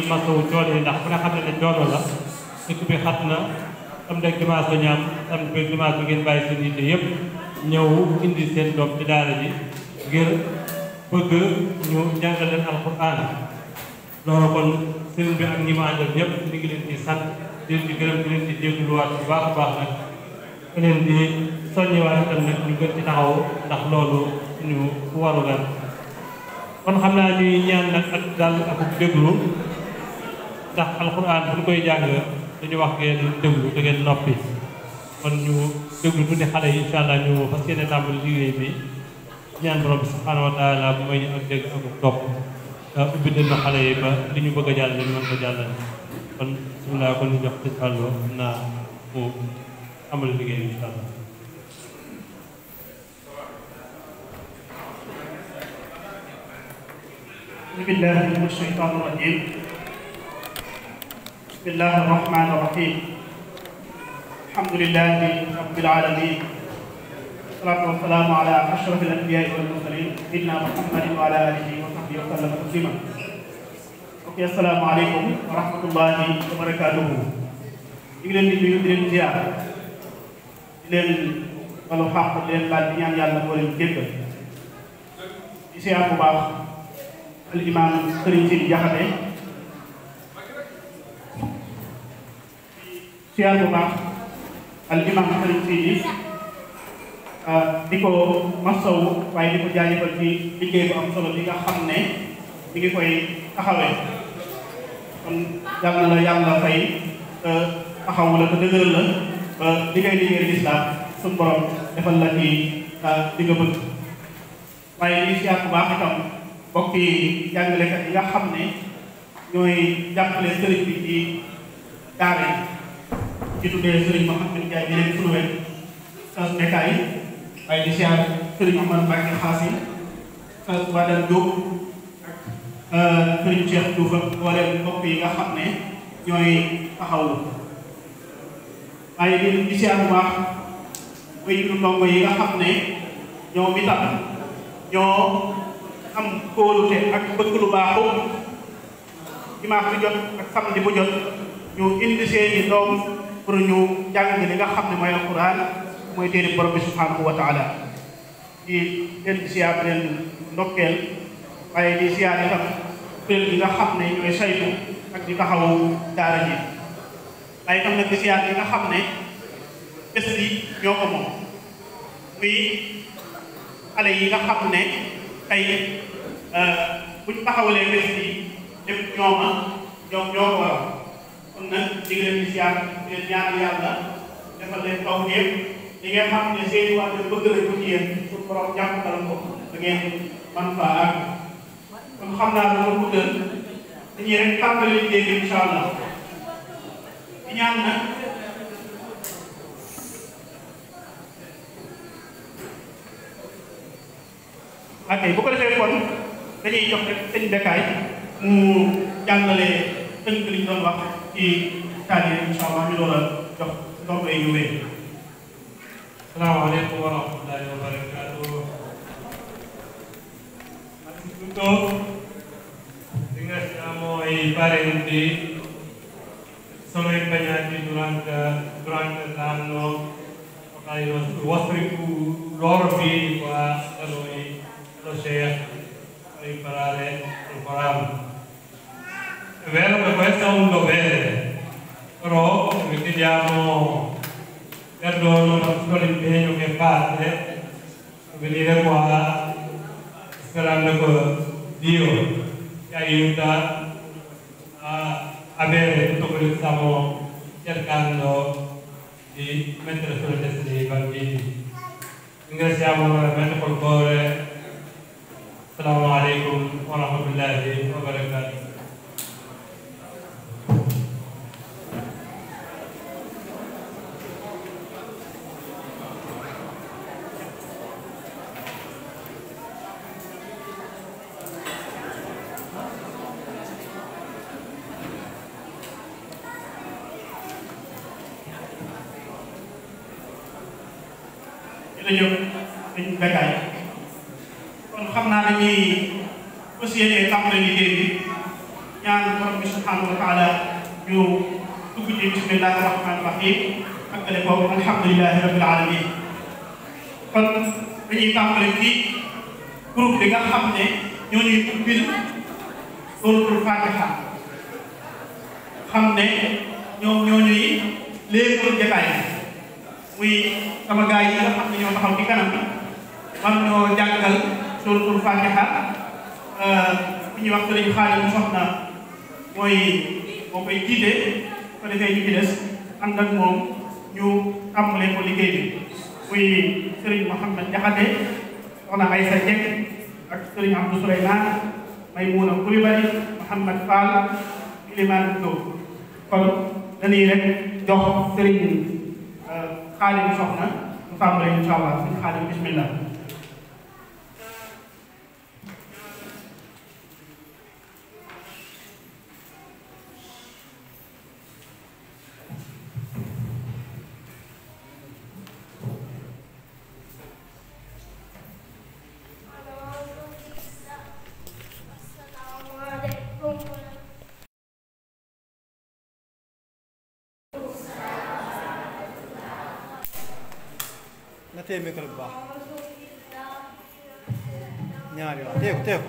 ngi masawu yi ndax ku ne xam ne ne coono la dëkk am na dimanche la ñu am am na dimanche ñu jàngal kon taxaw ndax loolu ñu waru la kon xam naa ni ñaan nag ak dal ak déglu. ndax Quran bu ñu koy jàng dañu wax ngeen déglu da ngeen noppi kon ñu allah ñu fas yéene tàmbali liggéey bi ñaan borom subhanahu wa taala bu may ñu ak dégg ak topp ubbi dënn xale yi ba li ñu bëgg a jàll ñu kon kon ñu jox ci amal allah بسم الله بسم الله الرحمن الرحيم الحمد لله رب العالمين والصلاه والسلام على اشرف الانبياء والمرسلين سيدنا محمد وعلى اله وصحبه وسلم تسليما اوكي السلام عليكم ورحمه الله وبركاته يجلن نيو دين ديا دين ولو حق دين لا نيان يالا بولين جيب دي سي ابو باخ الامام خريجي جاخدي siyaatuma al imam Alioune Sine ah, di ko masawu waaye di ko jaajëfal ci liggéey bu am solo bi nga xam ne mi ngi koy taxawee kon yàlla na yàlla fay taxawu la te dëgëral la ba li ngay liggéeyal lislaam suñu borom defal la ci ah, li bëgg waaye li siyaat bu baax itam mbokk yi nga xam ne ñooy jàppale sëriñ bi ci daara yi di tuddee Serigne Mouhamed Ndiaye di leen suñu wet ak nekkaay yi waaye di siyaar Serigne Amar Mbacke xaas yi ak Badal Diop ak euh, Serigne Cheikh nga xam ne ñooy taxawu waaye di di siyaar bu yi nga xam ne ñoom itam ñoo am kóolute ak bëgg lu baaxu dimanche bu jot ak samedi bu jot ñu indi seeni doom pour ñu jàng li nga xam ne mooy alquran mooy téere borom bi subhanahu wa taala di leen siyaar leen ndokkeel waaye di siyaar itam kuréel yi nga xam ne ñooy saytu yi nga xam ne bés ñoo ko moom muy xale yi nga xam ne tey euh, buñ taxawalee bés bi lépp ñooma ñoom ñoo ko waral jigéen ñi siyaar leen ñaan yàlla defal leen taw ngeen li nga xam ne seeni wàllu bëgg la ko ci yéen pour borom jàppal ko da ngeen man faa àgg kon xam naa dama guddal dañuy rek tàmbali léegi incha allah di ñaan nag ok bu ko defee kon dañuy jox rek sëñ Bécaye mu jàngale tënk li ñu doon wax fii tàggee incha allah ñu doon a jox loxo yi ñu wéy. salaamaaleykum wa rahmatullahi innanzitutto ringraziamo i parenti sono impegnati durante, l'anno i vostri loro figli qua da noi all'oceano per imparare il Corano. È vero che questo è un dovere, però vi chiediamo perdono per tutto l'impegno che fate a venire qua sperando che Dio ti aiuta a avere tutto quello che stiamo cercando di mettere sulle teste dei bambini. Ringraziamo veramente col cuore. Assalamu alaikum wa rahmatullahi wa barakatuh. bi àggale ko alhamdulilahi rabbil alamin kon dañuy tàmbale ci xam ne ñoo ñuy ubbil suratul fatiha xam gaay yi xam ne ñoo kanam man ñoo jàngal suratul fatiha ku ñuy wax sëriñ Xaadim soxna mooy moo koy jiite ko defee ànd ak moom ñu tàmbalee ko liggéey bi muy Serigne Mouhamed Diakhaté soxna Aïssa Dieng ak Serigne Abdou Souleymane Maymouna Coulibaly Mouhamed Fall Ilimane Lo kon dañuy rek jox Serigne xaalim euh, soxna mu tàmbalee incha allah suñu xaalim bismillah 手目からばにゃありは手よ手よ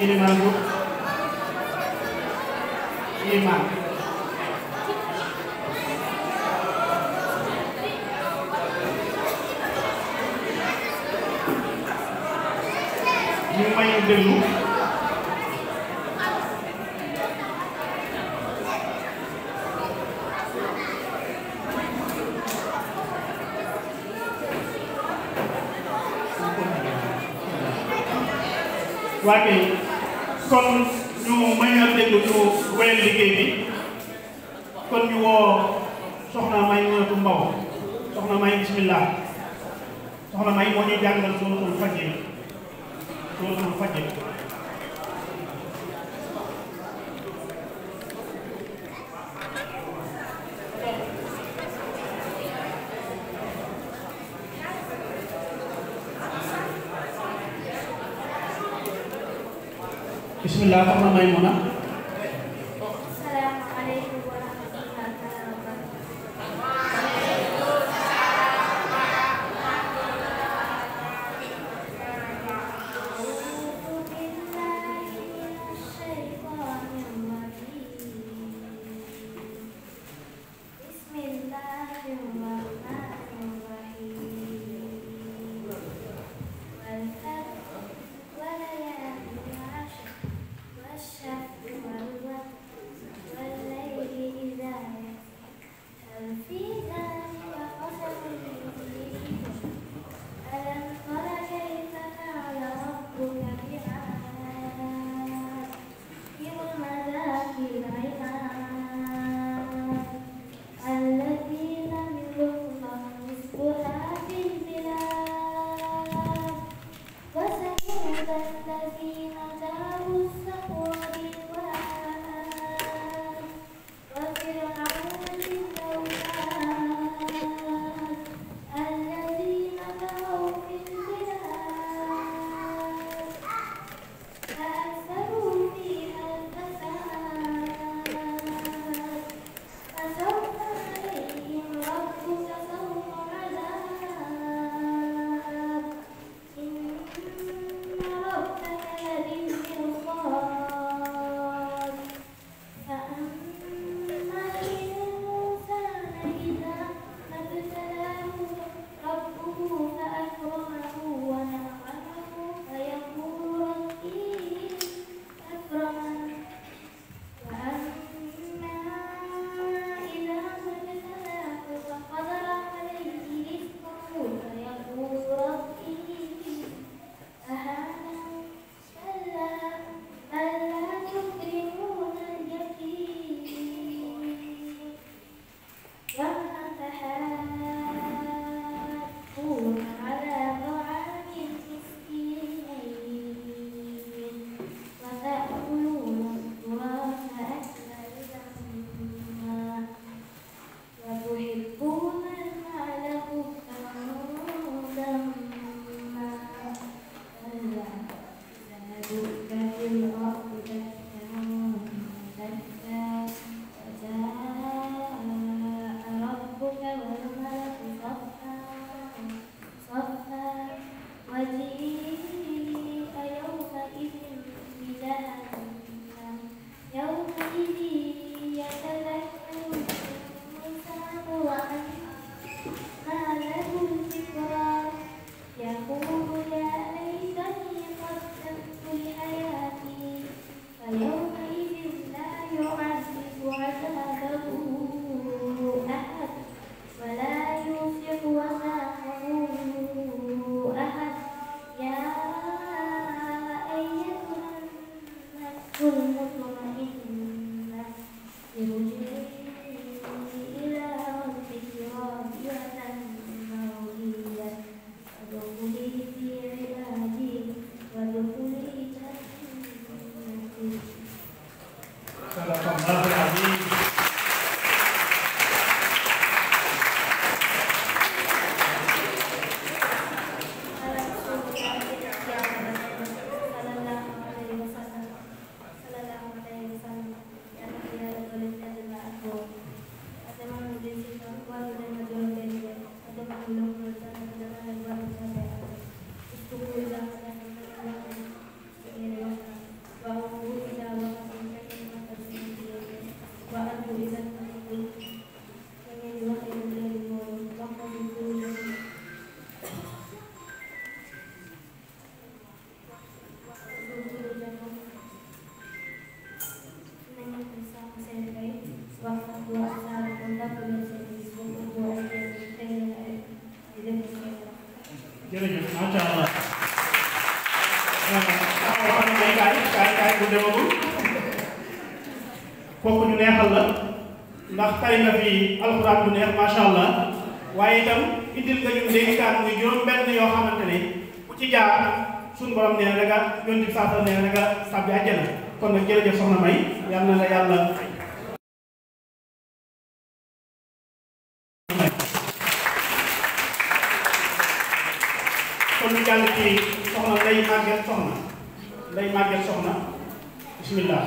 kiriman bu kiriman lima yang dulu Right common Soxna May Muna jullit la ñu dénkaat muy juróom benn yoo xamante ne ku ci jaar suñu borom nee na nga yónni saasal nee na nga sàbbi àjjana kon na la kon ñu jàll ci soxna lay màgget soxna lay màgget soxna bismillah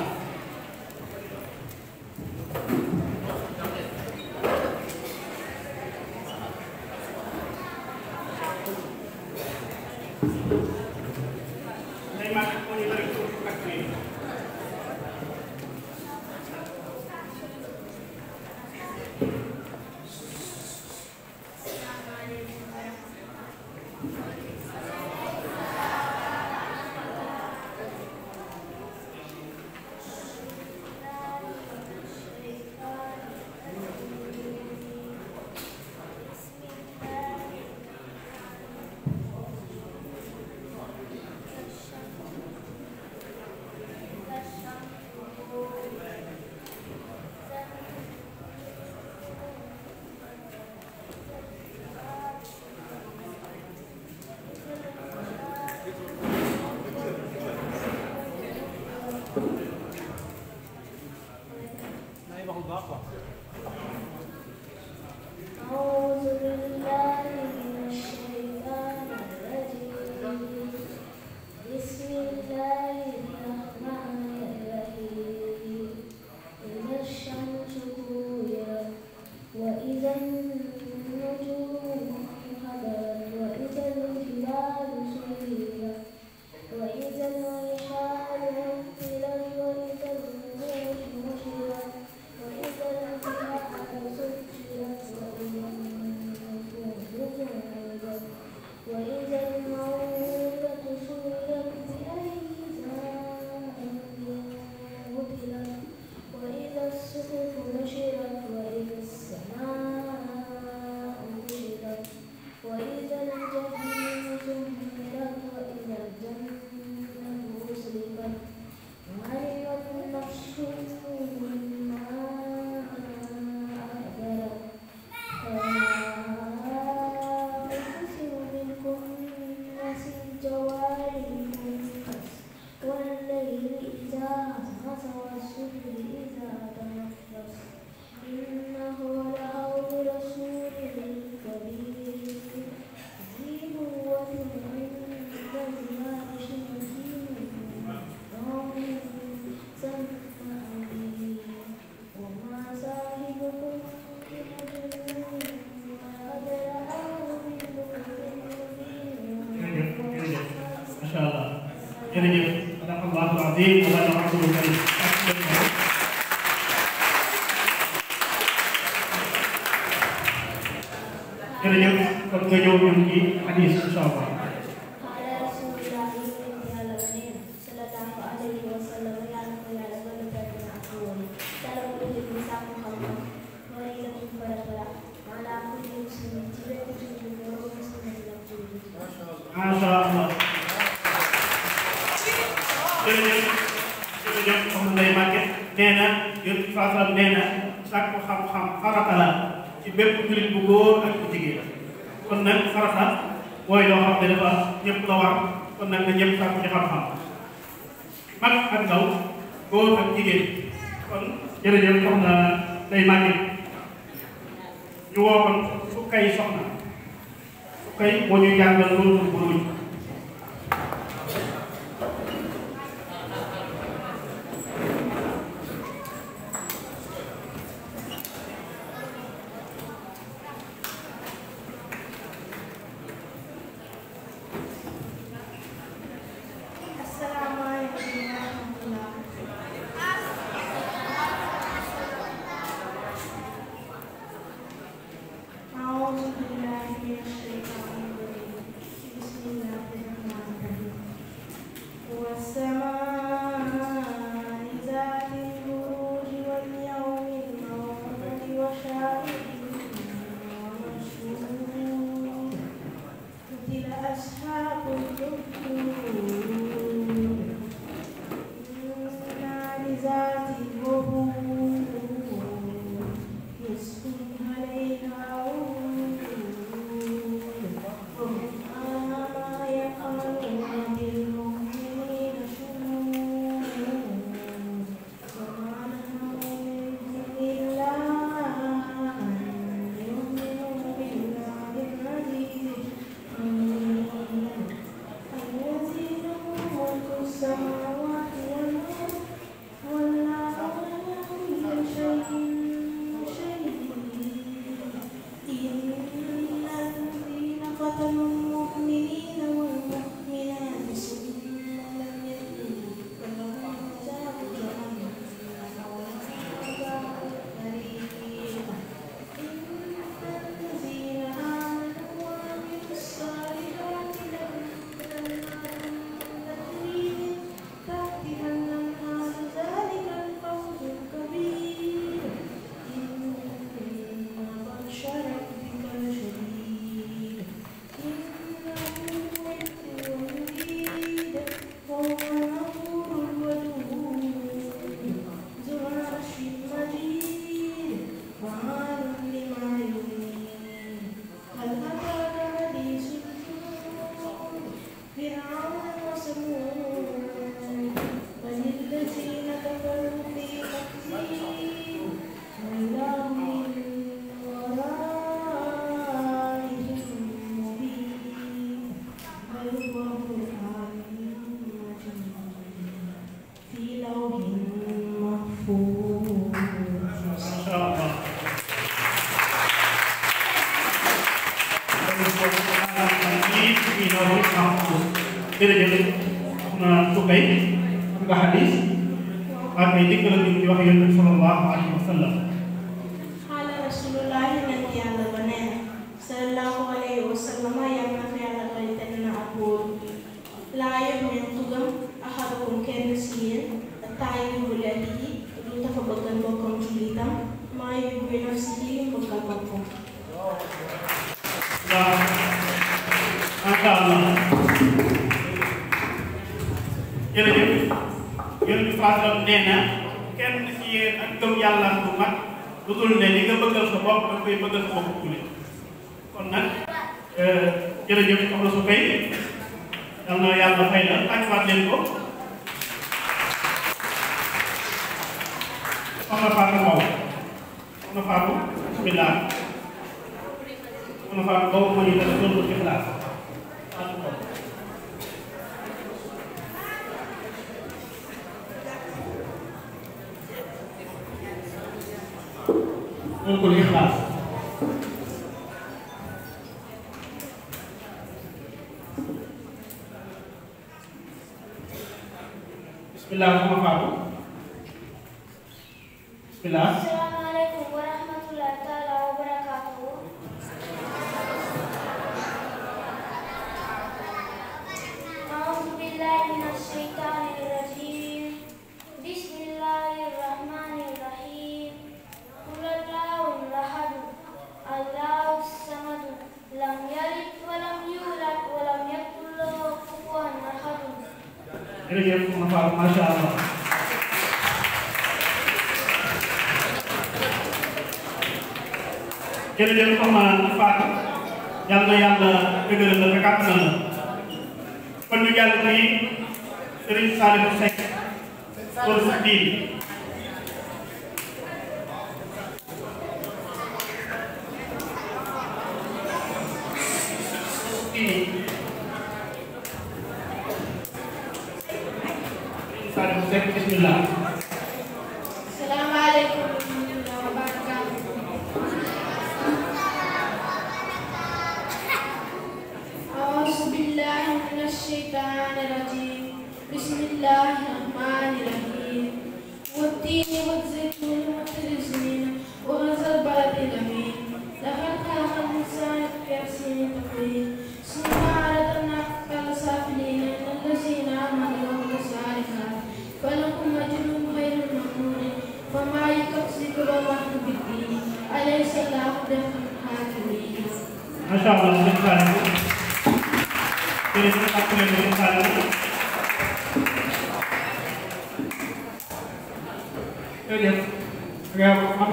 Yang Maha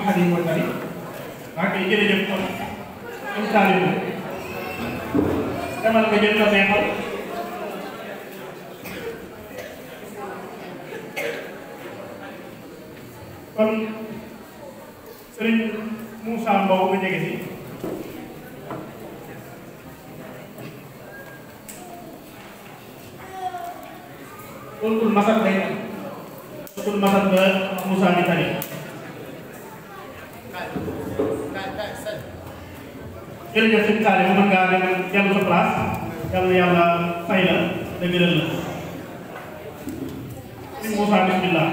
Mouhamed yi mooy bari maa ngi koy jërëjëf kon suñu taalibe demal nga jël la neexal kon sëriñ Moussa Mbow nga jege si tontul masal day tontul masal ba Moussa di tari jërëjëf sëñ Saliou mën ngaa dem jàll sa place yàlla na yàlla fay la bismillah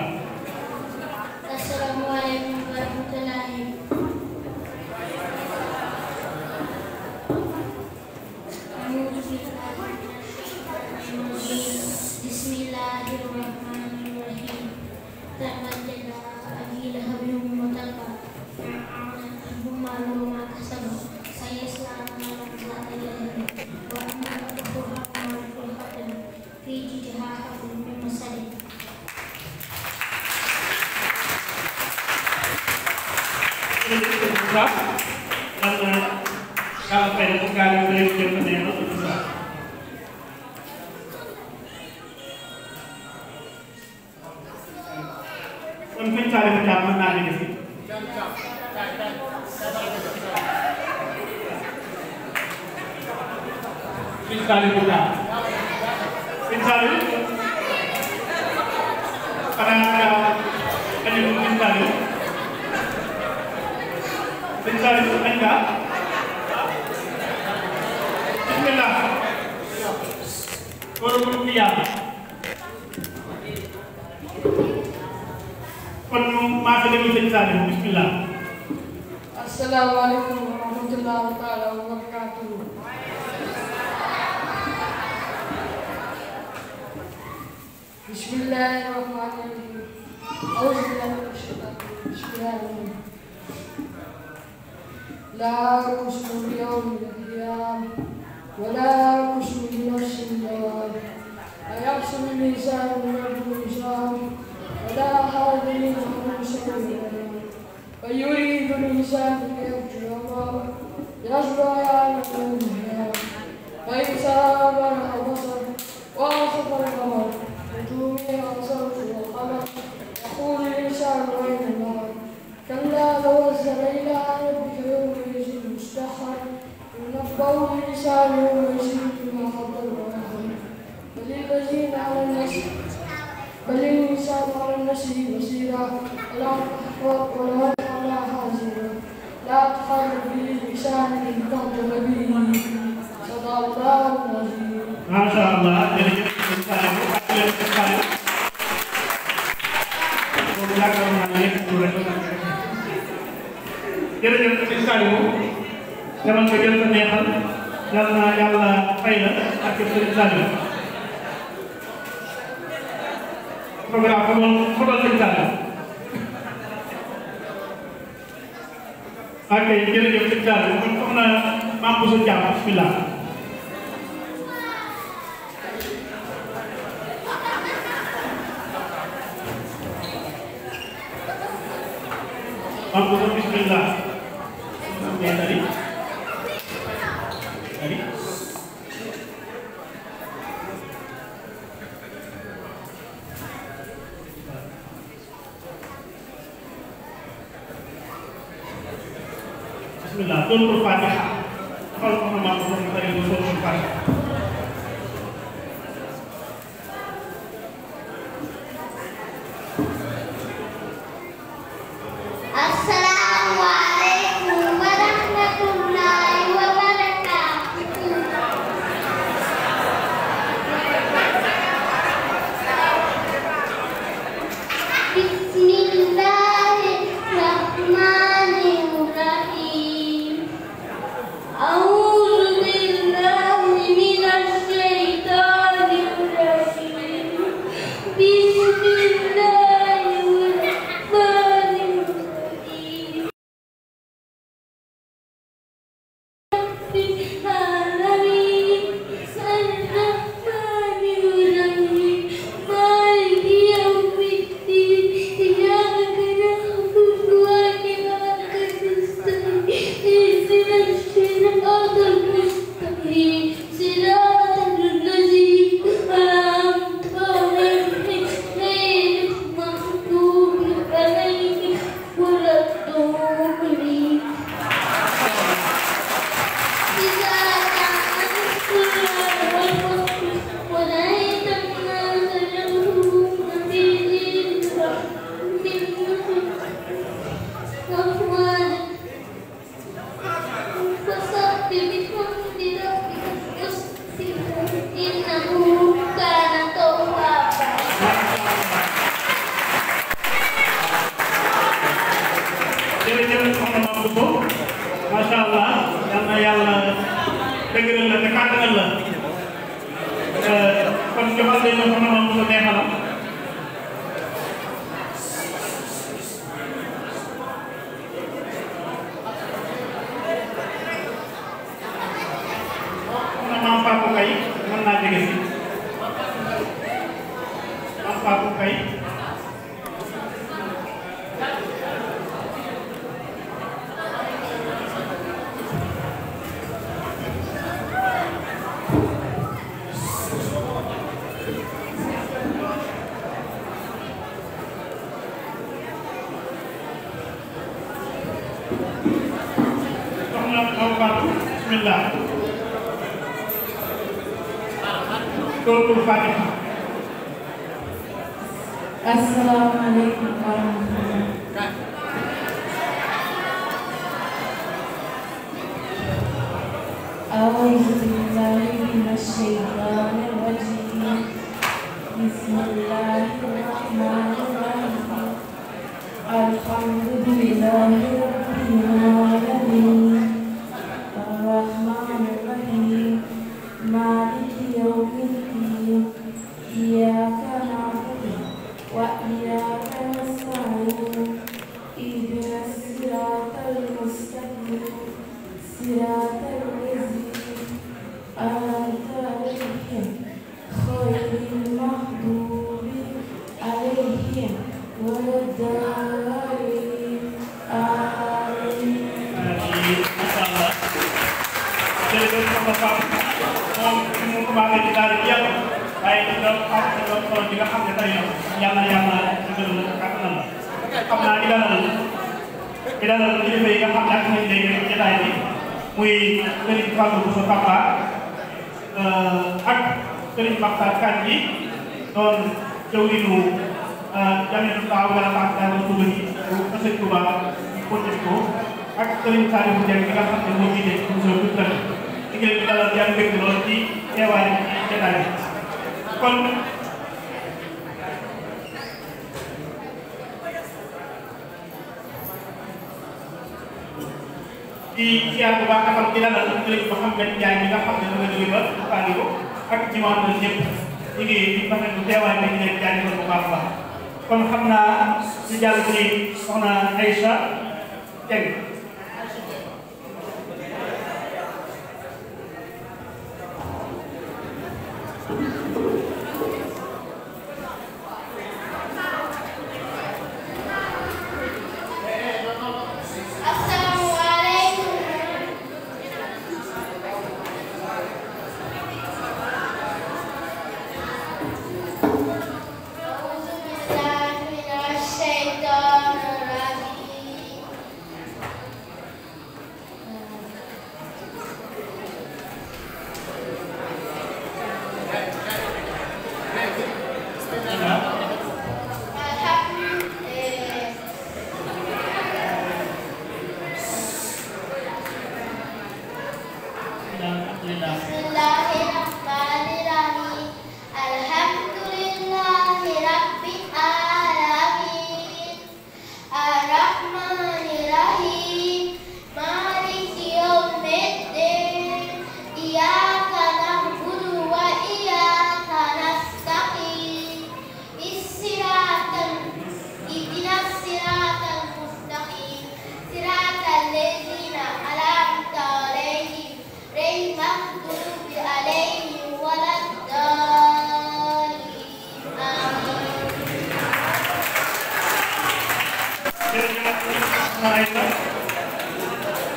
आएगा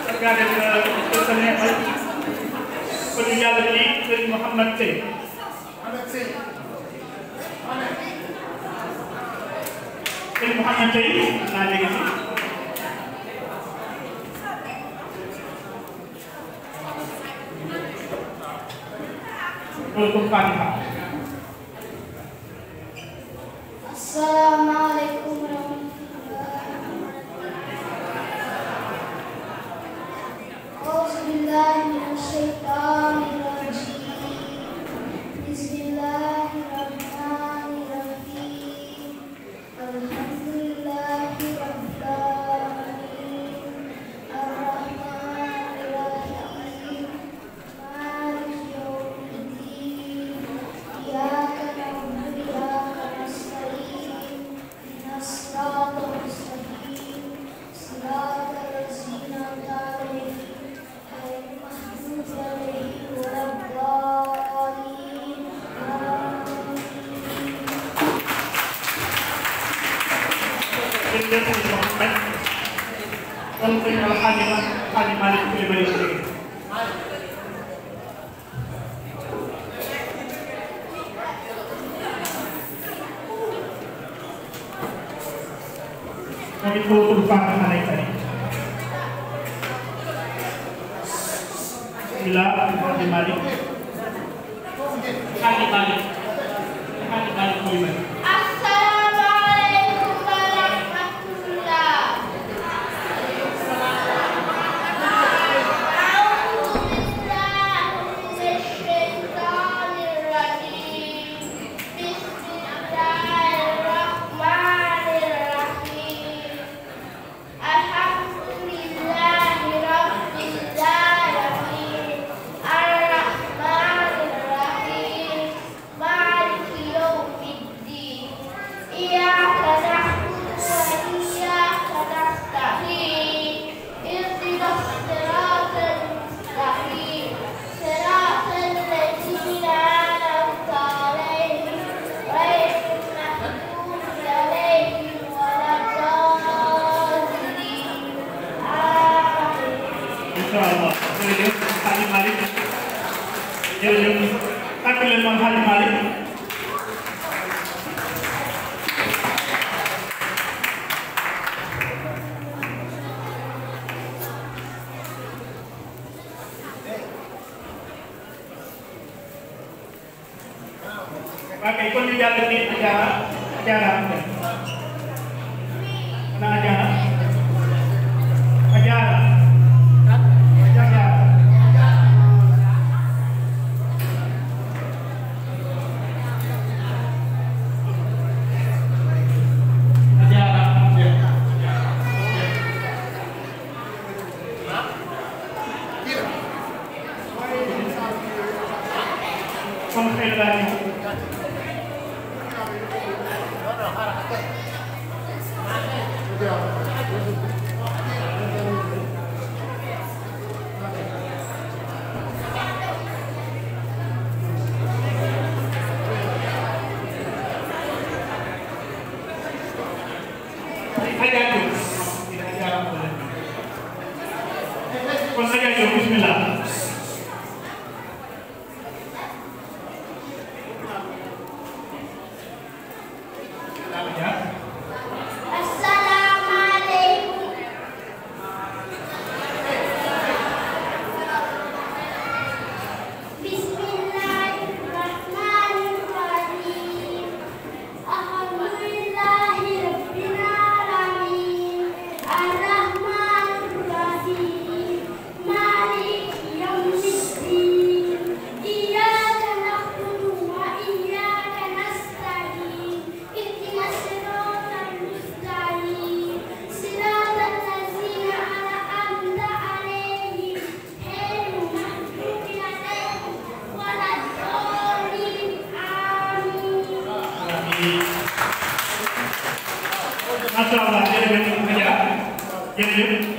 सरकार ने कुल याद अली कुल मोहम्मद से कुल मोहम्मद से नाले के कुल कुल पानी macha allah jërëjëf Adja jërëjëf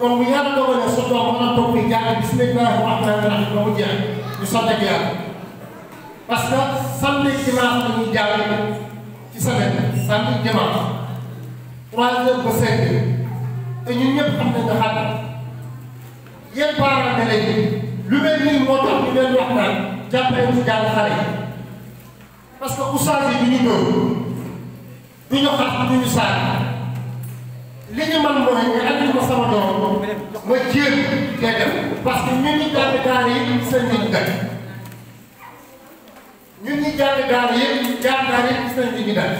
kon bu yàlla dogalee ne sa doom mën na toog di jàng bismillahi rahmaani rahiim ba mu jeex di sant ak yàlla parce que samedi dimanche la ñuy jàng ci semaine samedi dimanche trois heures ba cinq heures te ñun ñëpp xam nañ ne xam na yéen parents d'élèves yi lu mel nii moo tax ñu leen wax naan jàppale ñu jàng xale yi parce que oustaz yi du ñu dóor du ñu xas li ñu mën mooy nga andil ma sama doom ma jéem nga def parce que ñun ñi jàng daara yi seen liñ def ñun ñi jàng daara yi jàng daara yi seen liñ def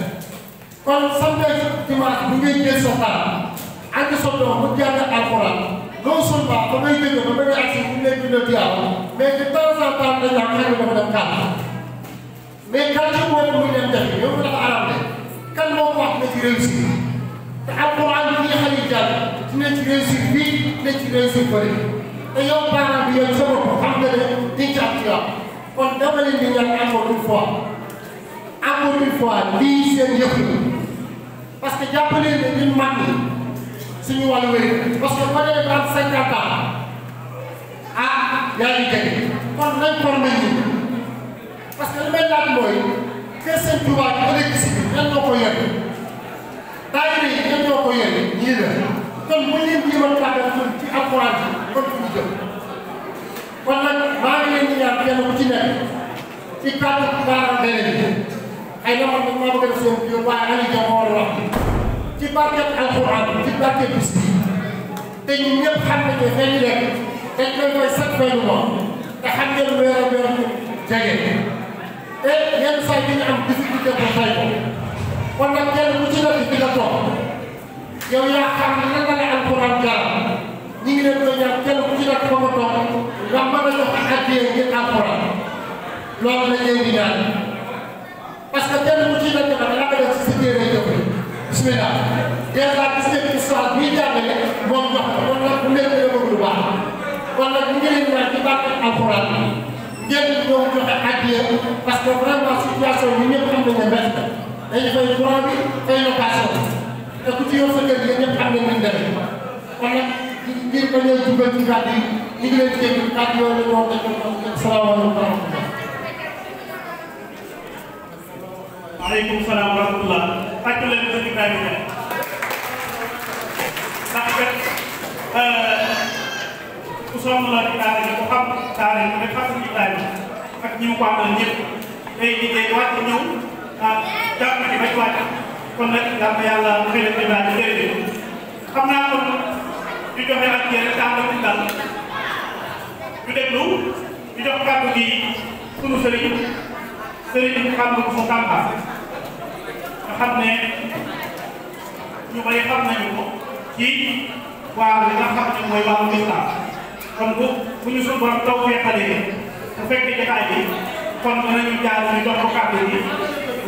kon samedi dimanche bu ngay jël sa parent ànd sa doom mu jàng alxuraan non seulement ba ngay jóge ba ngay agsi bu nekk dina diyaw mais de temps en temps dañ la xëy dafa dem kàtt mais kàtt moo ko muy dem def yow dafa arab de kan moo ko wax na ci réussir te alxuraan bi ñuy xale jàng dina ci réussir fii dina ci réussir te yow parent bi yow sa bopp xam nga di jàpp ci la kon dama leen di ñaan encore une fois encore une fois lii seen yëpp parce que jàpp leen ne ñun mag ñi suñu wàllu wér parce que boo dee ba am cinquante ans ah yaa ngi jege kon nañ formé ñi parce que li may laaj mooy kër seen tubaab bi ba daayira yi ñoom ñoo ko yéene ñii la kon bu leen di wax kàttan kon ci alxuraan bi kon fu ñu jëm kon nag maa ngi leen di ñaan kenn ku ci nekk ci kàttu baaraam beneen bi ay na xam ne maa bëgg a def soobu yow waaye dañuy jox ma wax ci barkeb alxuraan bi ci barkeb bis bi te ñun ñëpp xam nañ ne dañu nekk dañ koy koy sat benn moom te xam ngeen weer a weer jege te yenn saa yi ñu am difficulté pour fay ko kon nag kenn ku ci nekk bi nga toog yow yaa xam ne nan la ne alquran garam ñu ngi leen koy ñaan kenn ku ci nekk ba ko toog nga mën a jox addiyee ngir alquran loolu la ñuy di ñaan parce que kenn ku ci nekk nag la nga def si téere jëf bismillah dèjà gis ngeen histoire bii jàngale moom jox kon nag bu leen ko lu baax kon nag ñu ngi leen ñaan ci barke alquran ngeen ñëw joxe addiyee parce que vraiment situation bi ñëpp xam nañu ne day fay courant bi fay location te ku ci yor sa kër gi ñëpp xam nañ ñu demee kon nag ngir bañ a dugal ci kàddu yi ñu ngi leen dégg kàddu yooyu la ñu wax ne ko salaamaaleykum wa rahmatulah. maaleykum salaam wa rahmatulah. tàcc leen ko ci kàddu yi. ndax kat euh, ku sonn la ci daara ji ku xam daara ji nga xam ci daara ji ak ñi mu ko amal ñëpp day liggéey wàcc ñëw. ah jàppandi ba ci wàcc kon nag yàlla na yàlla xëy na xëy na jërëjëf xam naa kon ñu joxe ak yéen tàmbali dal ñu déglu ñu jox kàddu gi sunu sëriñ sëriñ Kàmbu bu Kàmba nga xam ne ñu bari xam nañu ko ci waaw li nga xam ne mooy waaw lislaam kon bu bu ñu suñu borom taw fee xale yi bu fekkee jotaay bi kon mën nañu jaar ñu jox ko kàddu gi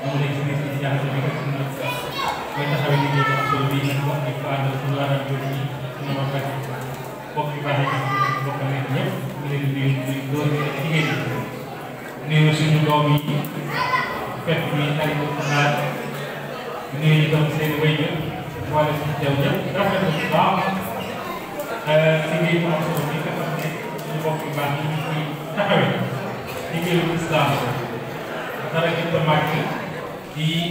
moom lañ fi nekk di jaaxle bi nga xam ne mooy taxawee liggéey bi am solo bii nga xam ne ko àndal suñu waral jot ñi suñu ma bàyyi bokk yu baax yi bokk nañ ñëpp ñu leen di nuyu góor ñi ak jigéen ñi nuyu suñu doom yi fekk mi ay naar nuyu ñu doon seen wéyjë wala suñu teew ñëpp rafet bu baax liggéey bu am solo bi nga xam ne suñu bokk yu baax yi ñu koy taxawee liggéeyu islam dara gën a màgg di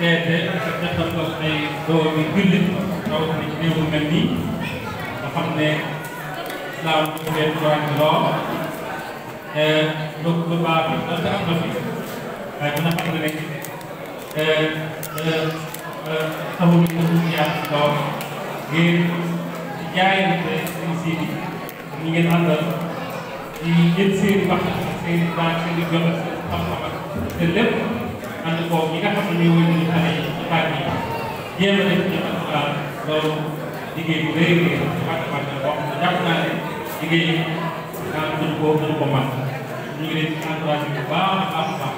teete te xetal ko ay doomi jullit rawatina ci réew mu mel nii nga xam ne islam bu dee tubaab bi lool donc lu baax bi daal di am na fi waaye dina xam ne rek eh, xamuñu eh, eh, ko ñu yaat lool ngir jaayante suñu siidi ñu ngeen àndal di jël seen wax seen baax seen i jot ak seen xam-xam te lépp. ànd kooku ñi nga xam ne ñooy wëññi xale yi ci baat yi jéem a def ci alxuraan loolu liggéey bu rëy rëy département boo xam ne jàpp naa ne liggéey daal duñ ko duñ ko mën ñu ngi leen di encouragé bu baax a baax a baax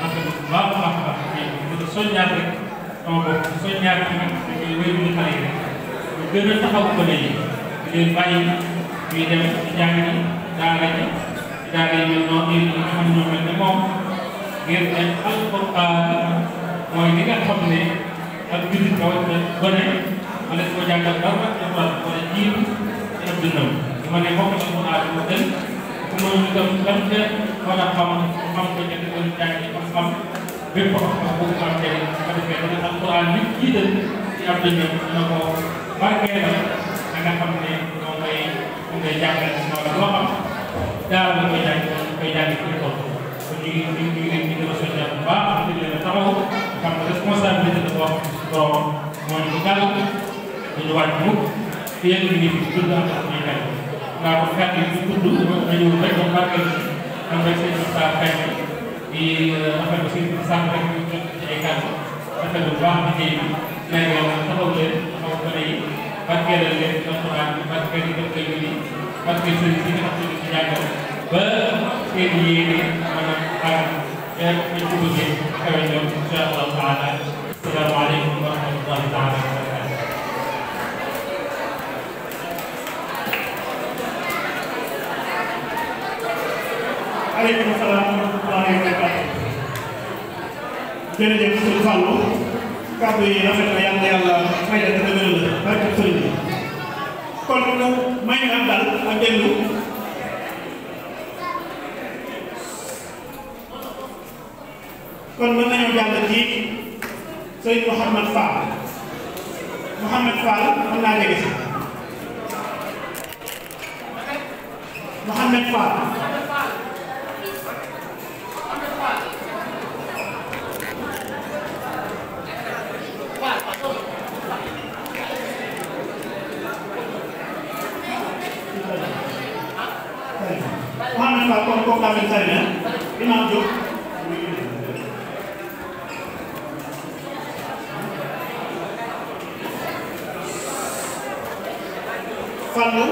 rafetlu bu baax a baax a baax ci mën a soññaat rek sama bopp soññaat ci nag dañuy wëññi xale yi rek ñu gën a taxaw ko léegi di leen bàyyi ñuy dem ci jàng yi daara ji daara yi mel noonu yi nga xam ne ñoo mel ne moom cái ay alquran mooy li nga xam ne ak jullit rawatina gone ma leen ko jàngal dara alquran wala jiitu ci ab dundam dama ne bokk na mu aar mu gën ku mën ñu dem lam ca war a xam xam ko ca gën jàngi ba xam bépp xam-xam bu mu am tey su ko cái dana alquran li jiital ci ab dundam dina ko barkeelam da nga xam ne moo koy mu ngay jàngal si noonu loo xam daal la koy jàng koy jàng ci ko ñu ngi ñu ngi ñu ngi soññaat bu baax ñu ngi leen a taxaw xam nga responsabilité la boo xam ne borom moo ñu gàll dañu wàcc mu fi yéen ñu ngi fi tudd am na ñuy gàll ndax bu fekk ñu tudd dañu rek ba màggal xam nga seen sa fekk di rafetlu seen sànq rek ñu jot ci ay gàll rafetlu bu baax liggéey bi léegi taxaw leen taxaw ba lay barkeelal leen ci alxuraan bi barkeel yi def lay parce que sëriñ si nga xam ne ñu jàngal ba seen yéene maanaam àgg ñu ko bëggee kawe ñoom incha allahu taala asalaamaaleykum wa rahmatullahi taala wa barakatuh aleykum salaam wa rahmatullahi wa barakatuh jërëjëf sëñ Fallou kàddu yi rafet na yàlla yàlla may la dëgëral la barke sëriñ bi kon may nga am daal ak dellu kon mën nañoo jàll ci Sëriñ Mouhamad Fall Mouhamad Fall mën naa jege si Mouhamad Fall Mouhamad Fall kon kooku am na sëriñ ah imam Diop వాళ్ళు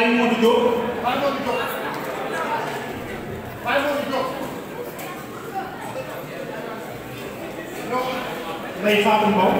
Baye Modou Diop Baye Modou Diop Baye Modou Diop Ndeye Fatou Mbow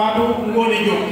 Fatou Ngoné Diop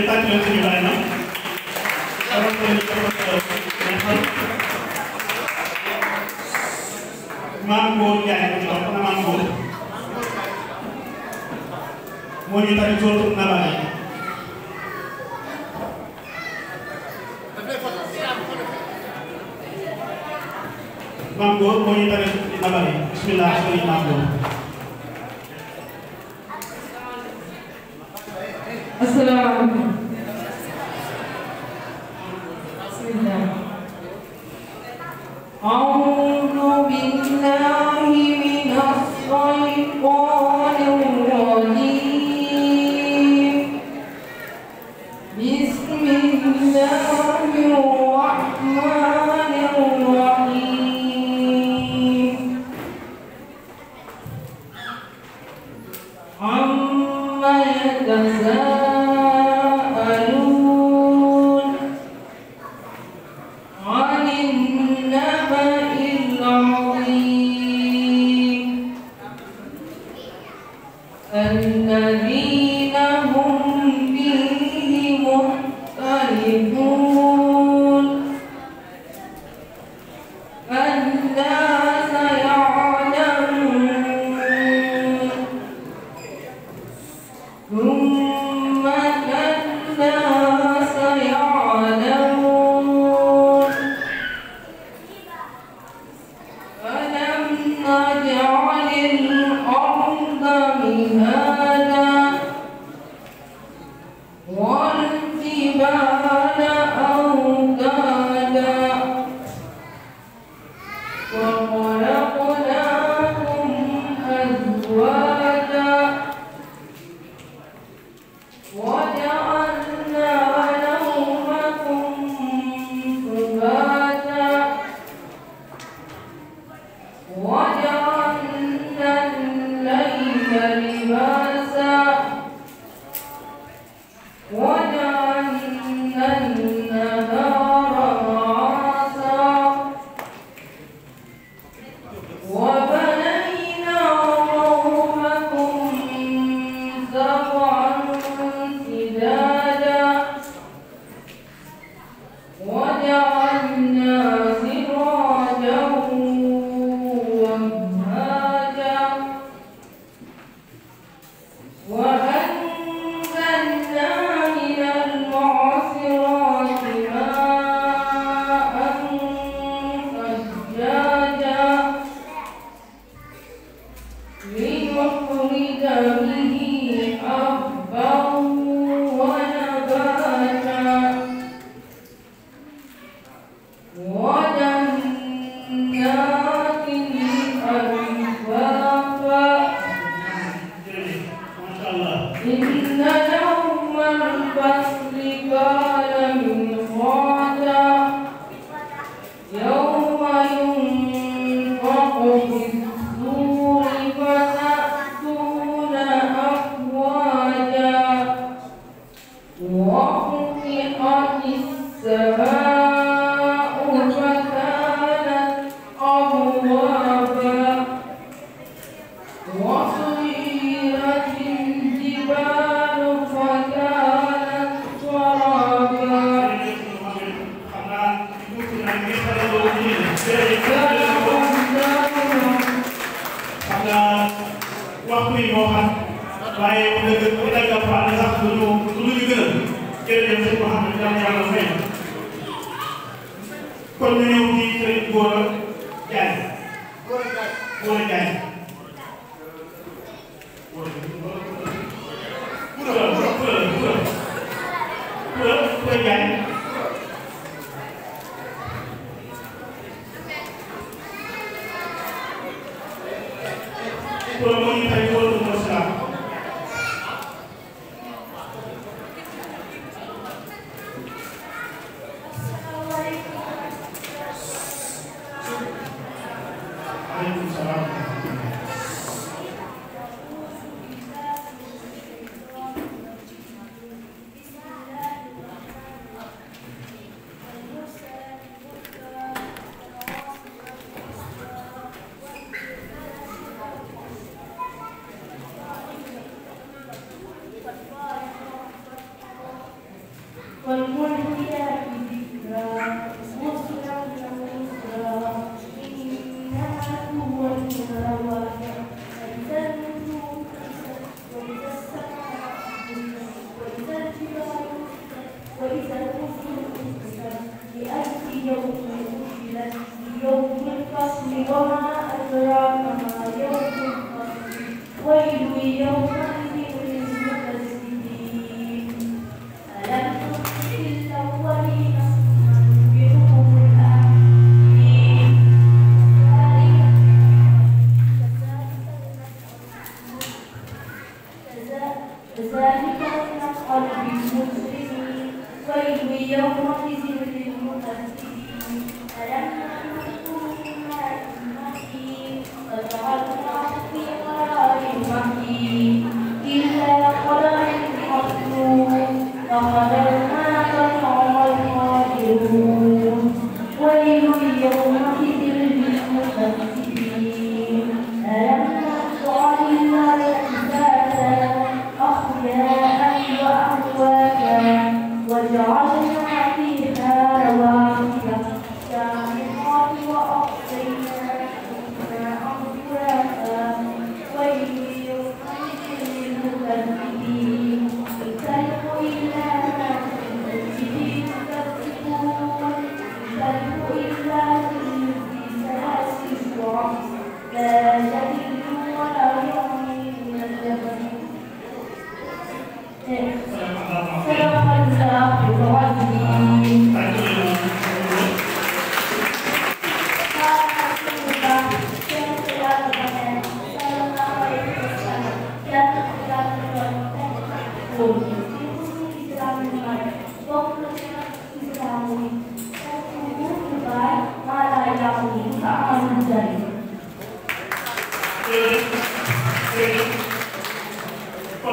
大家欢迎。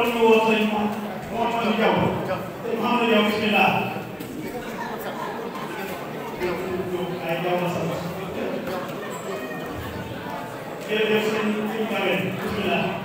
ñu ngi woon sëñ Mouhamadou Diaw sëñ Mouhamadou Diaw bismillah ay Diaw la sant jërëjëf sëñ sëñ Babel bismillah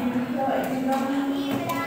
and enjoy.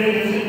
David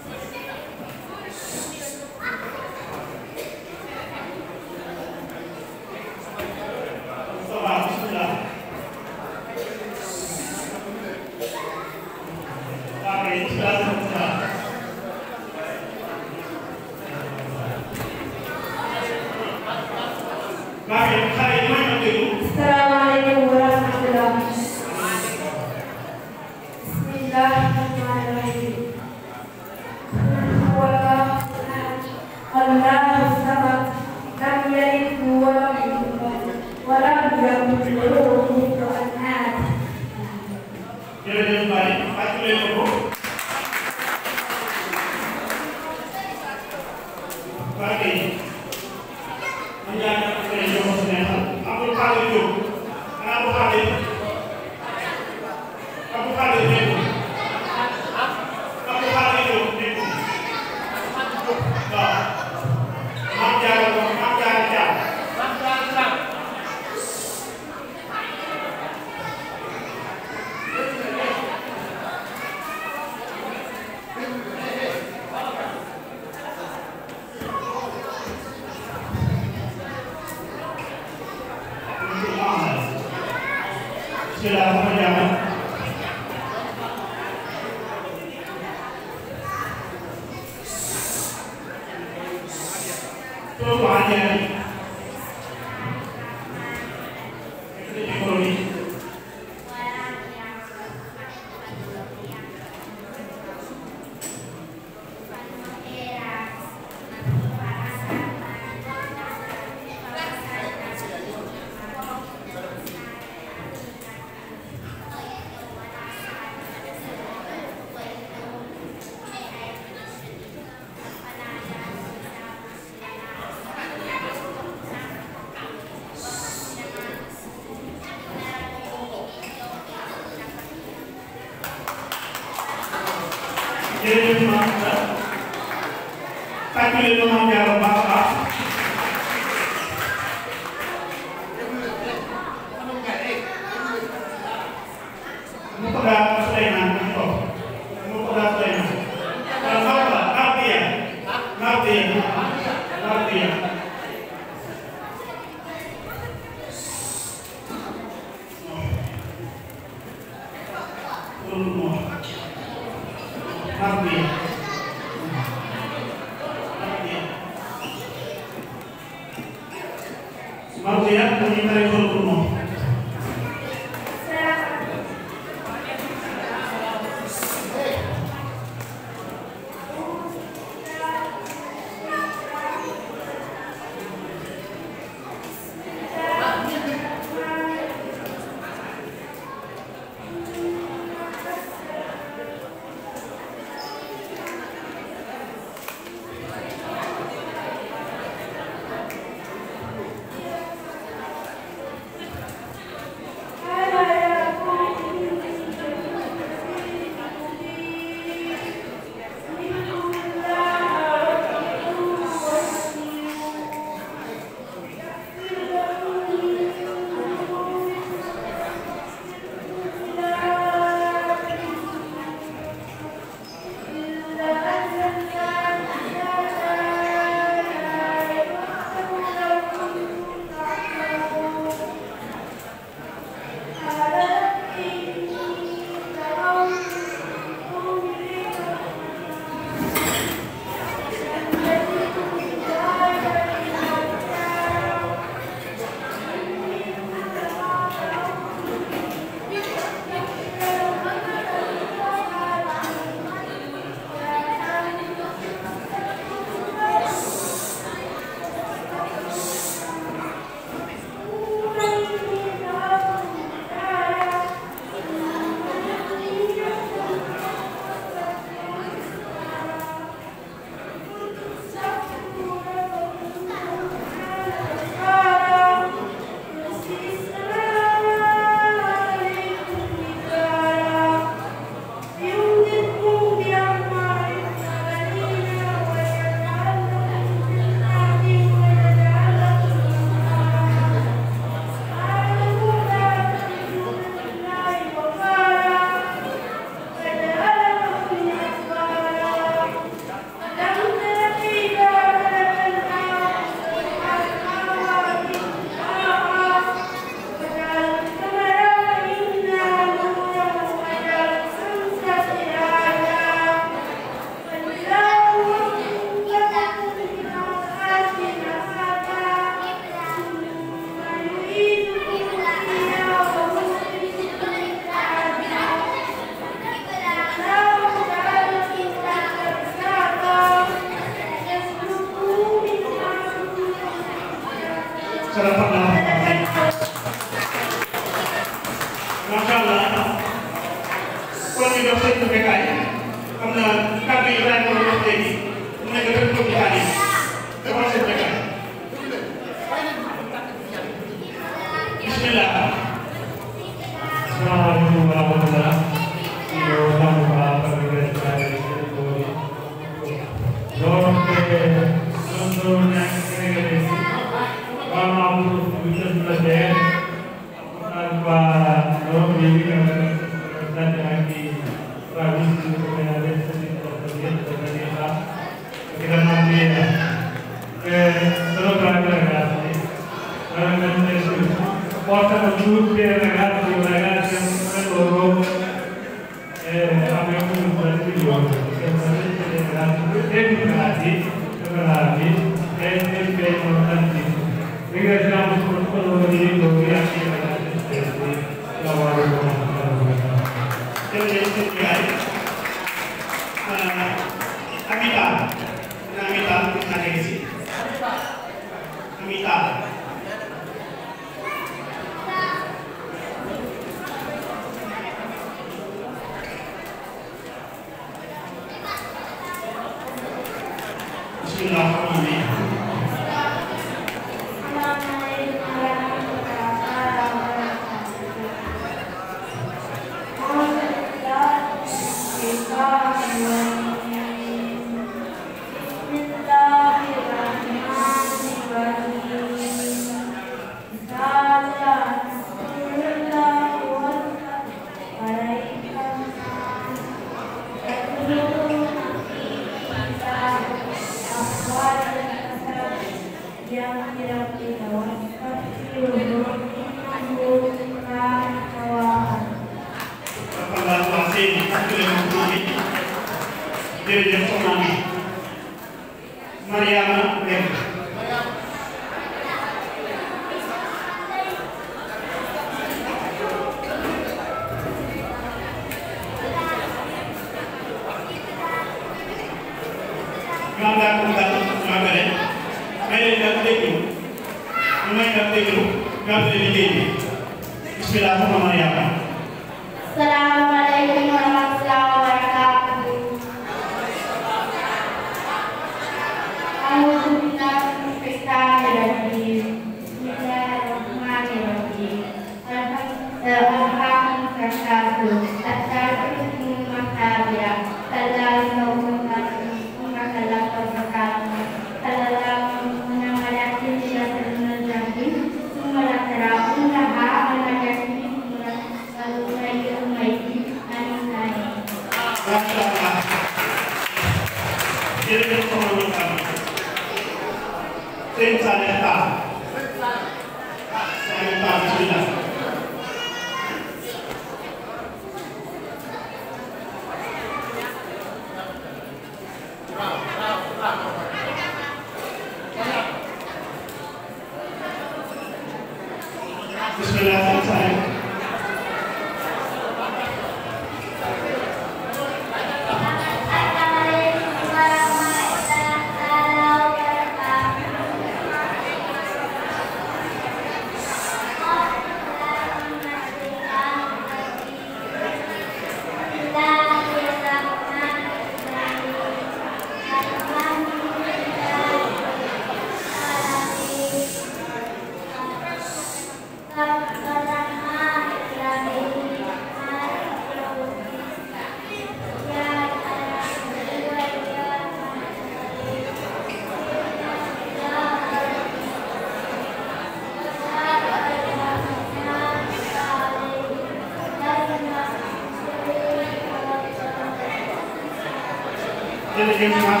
Thank you.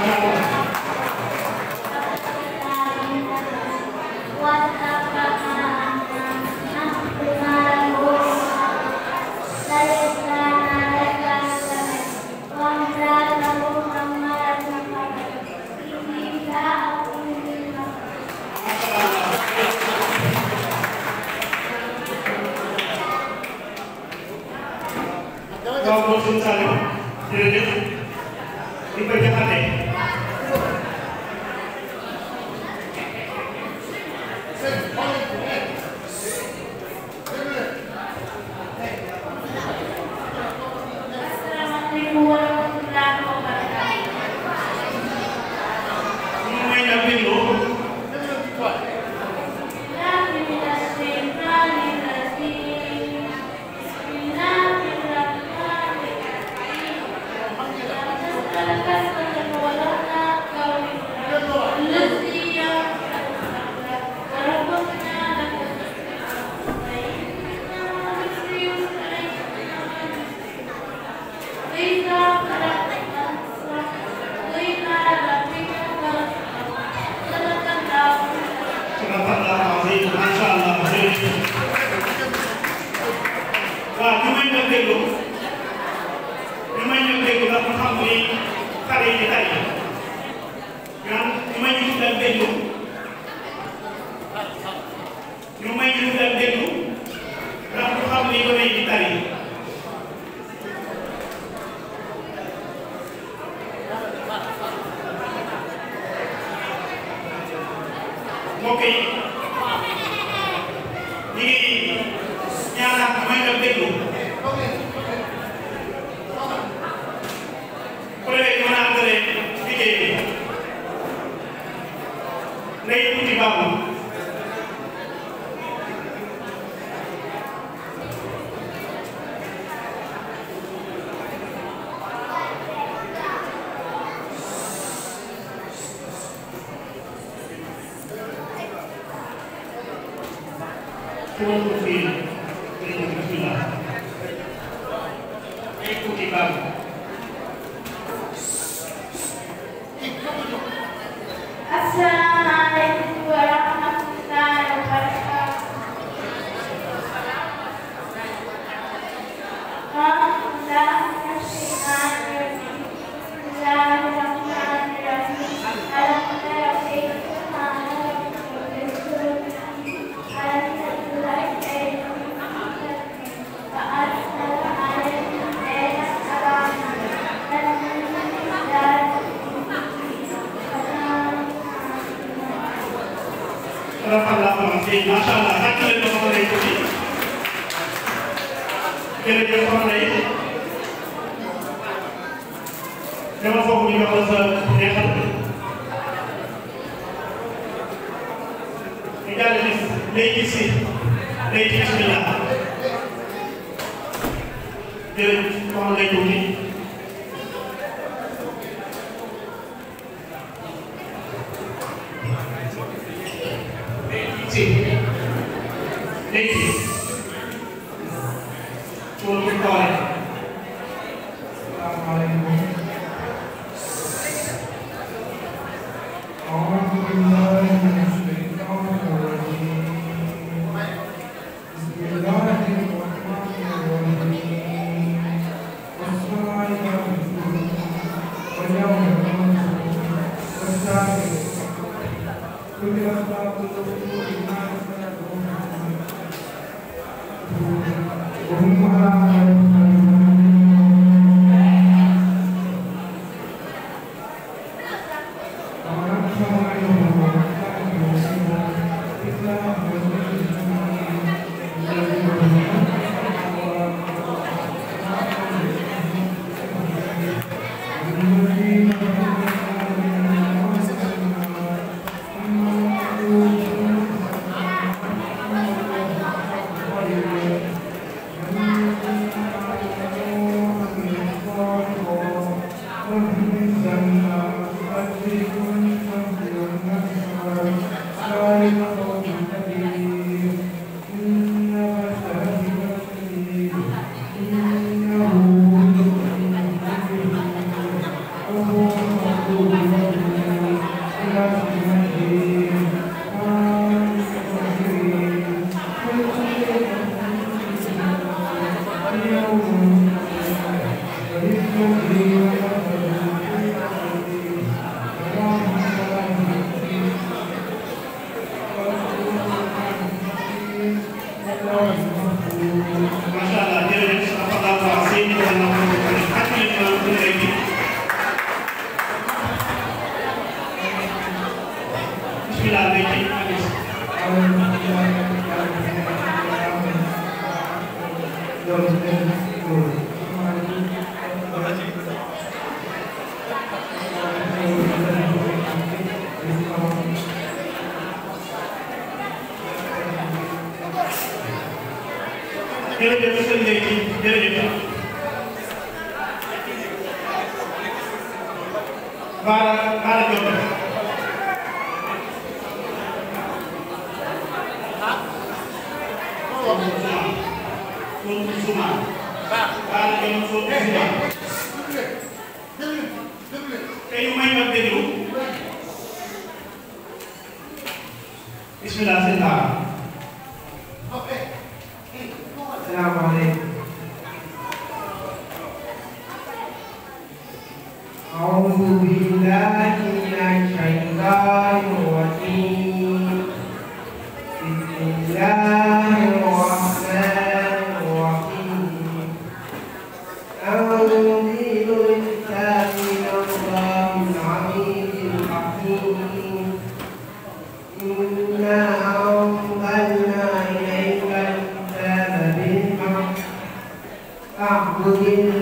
Yeah.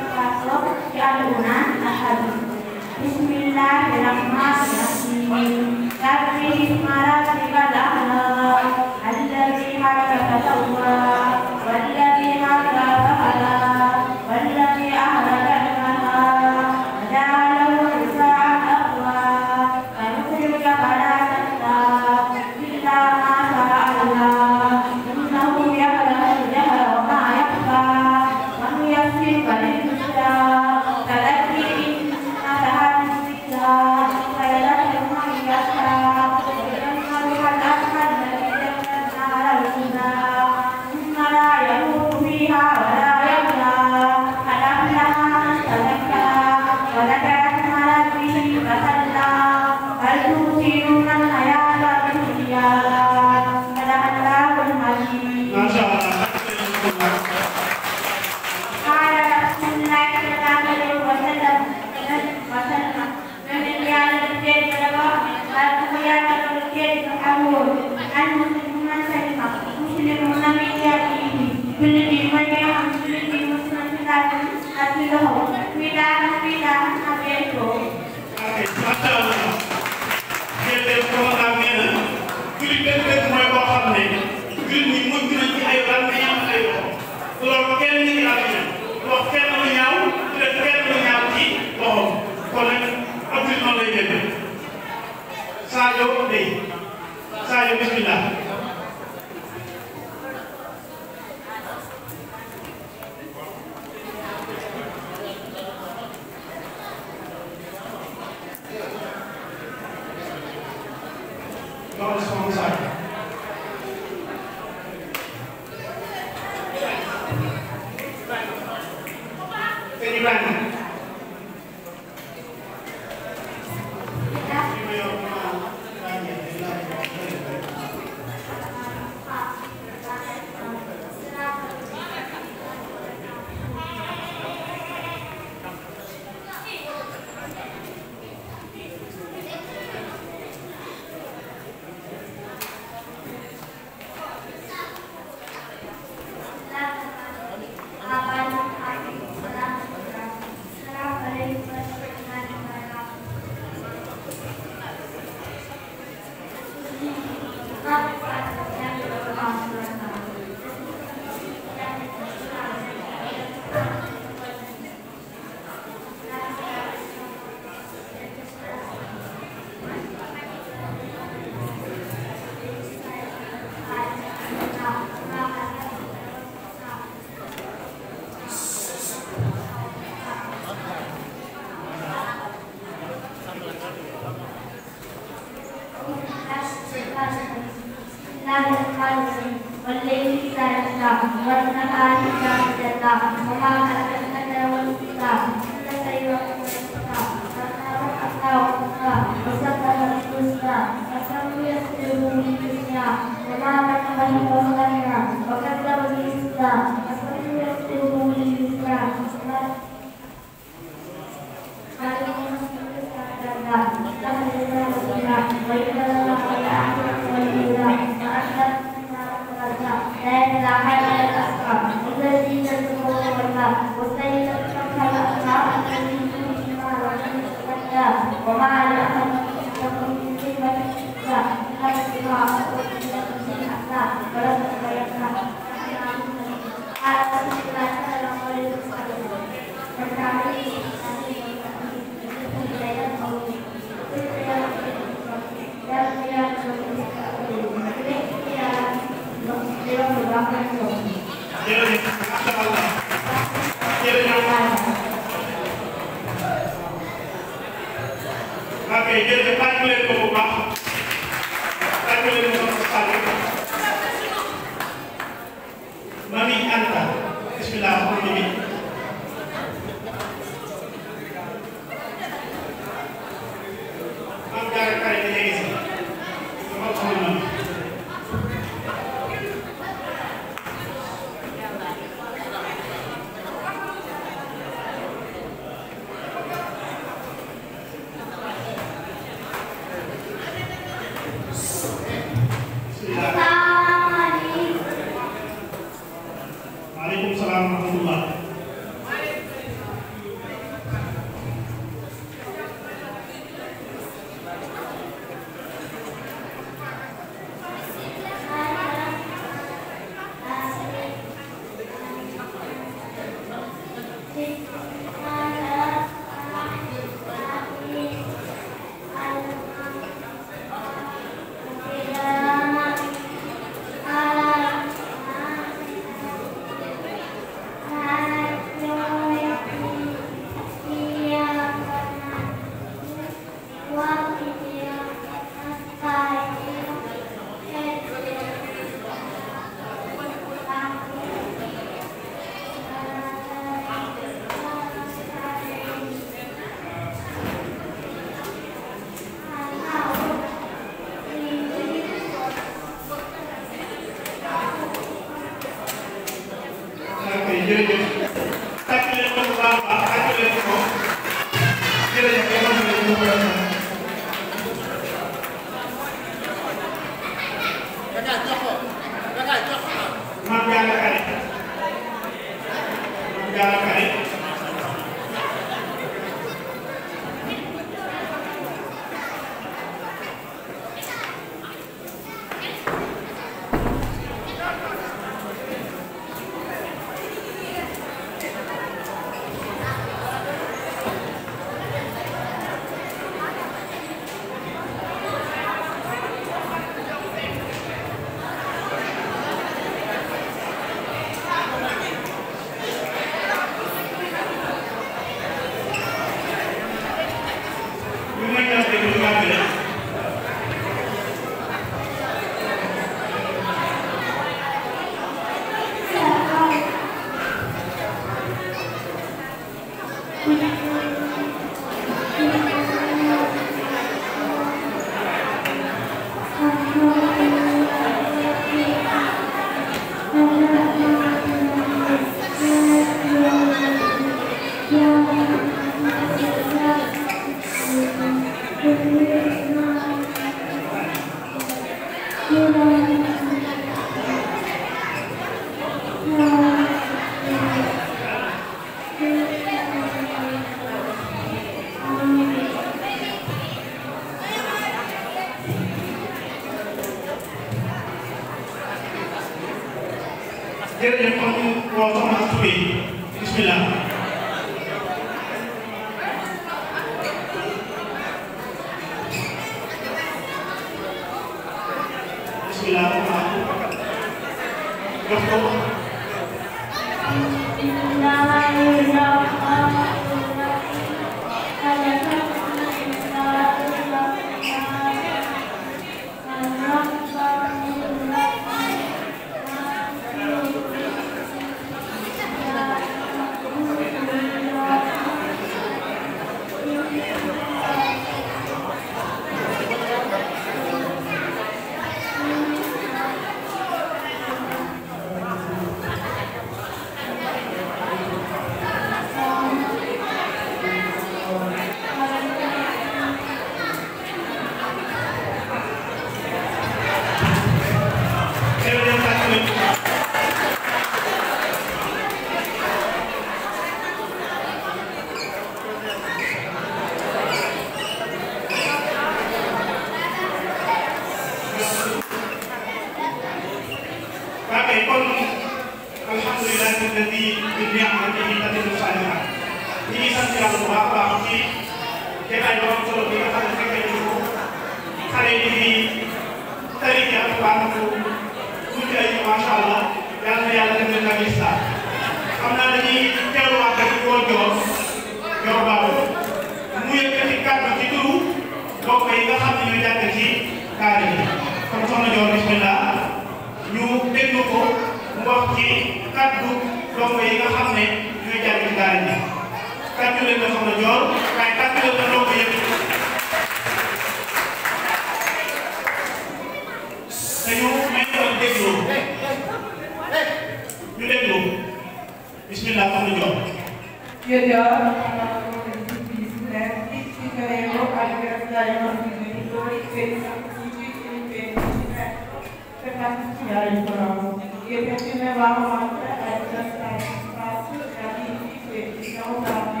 praticato studiare il corano e pertenevamo anche ai trattati spazi e amici che siamo dati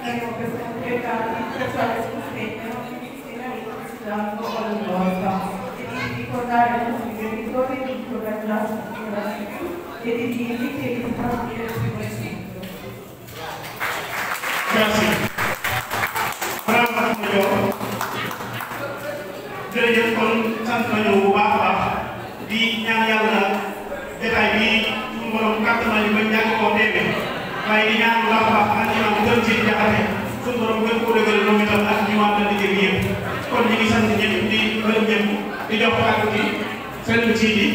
saremo per completati cioè sostegno insegnamenti dando ogni volta e di ricordare ai nostri genitori di incoraggiarsi e di dirgli che li trasmire il primo esempio. Grazie. Bravo Matteo. Direi che con tanto aiuto amee suñu borom gën koo dëgëral moom itam ak ñi wàllu liggéey bi yëpp kon ñu di gërëm di jox kàddu gi sëriñ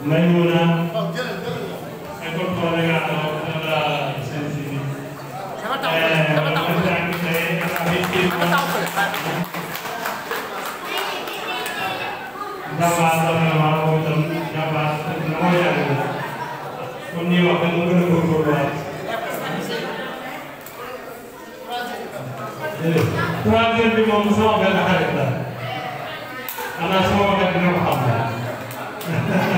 Maimouna école Kolda la Sénégal. dama taw dama taw dama taw dama taw moom itam jàmbaar na mooy yàgg kon ñuy wax dañu gën a góorgóorluwaat. troisième bi moom sama benn xarit la xanaa sama benn dina ko xam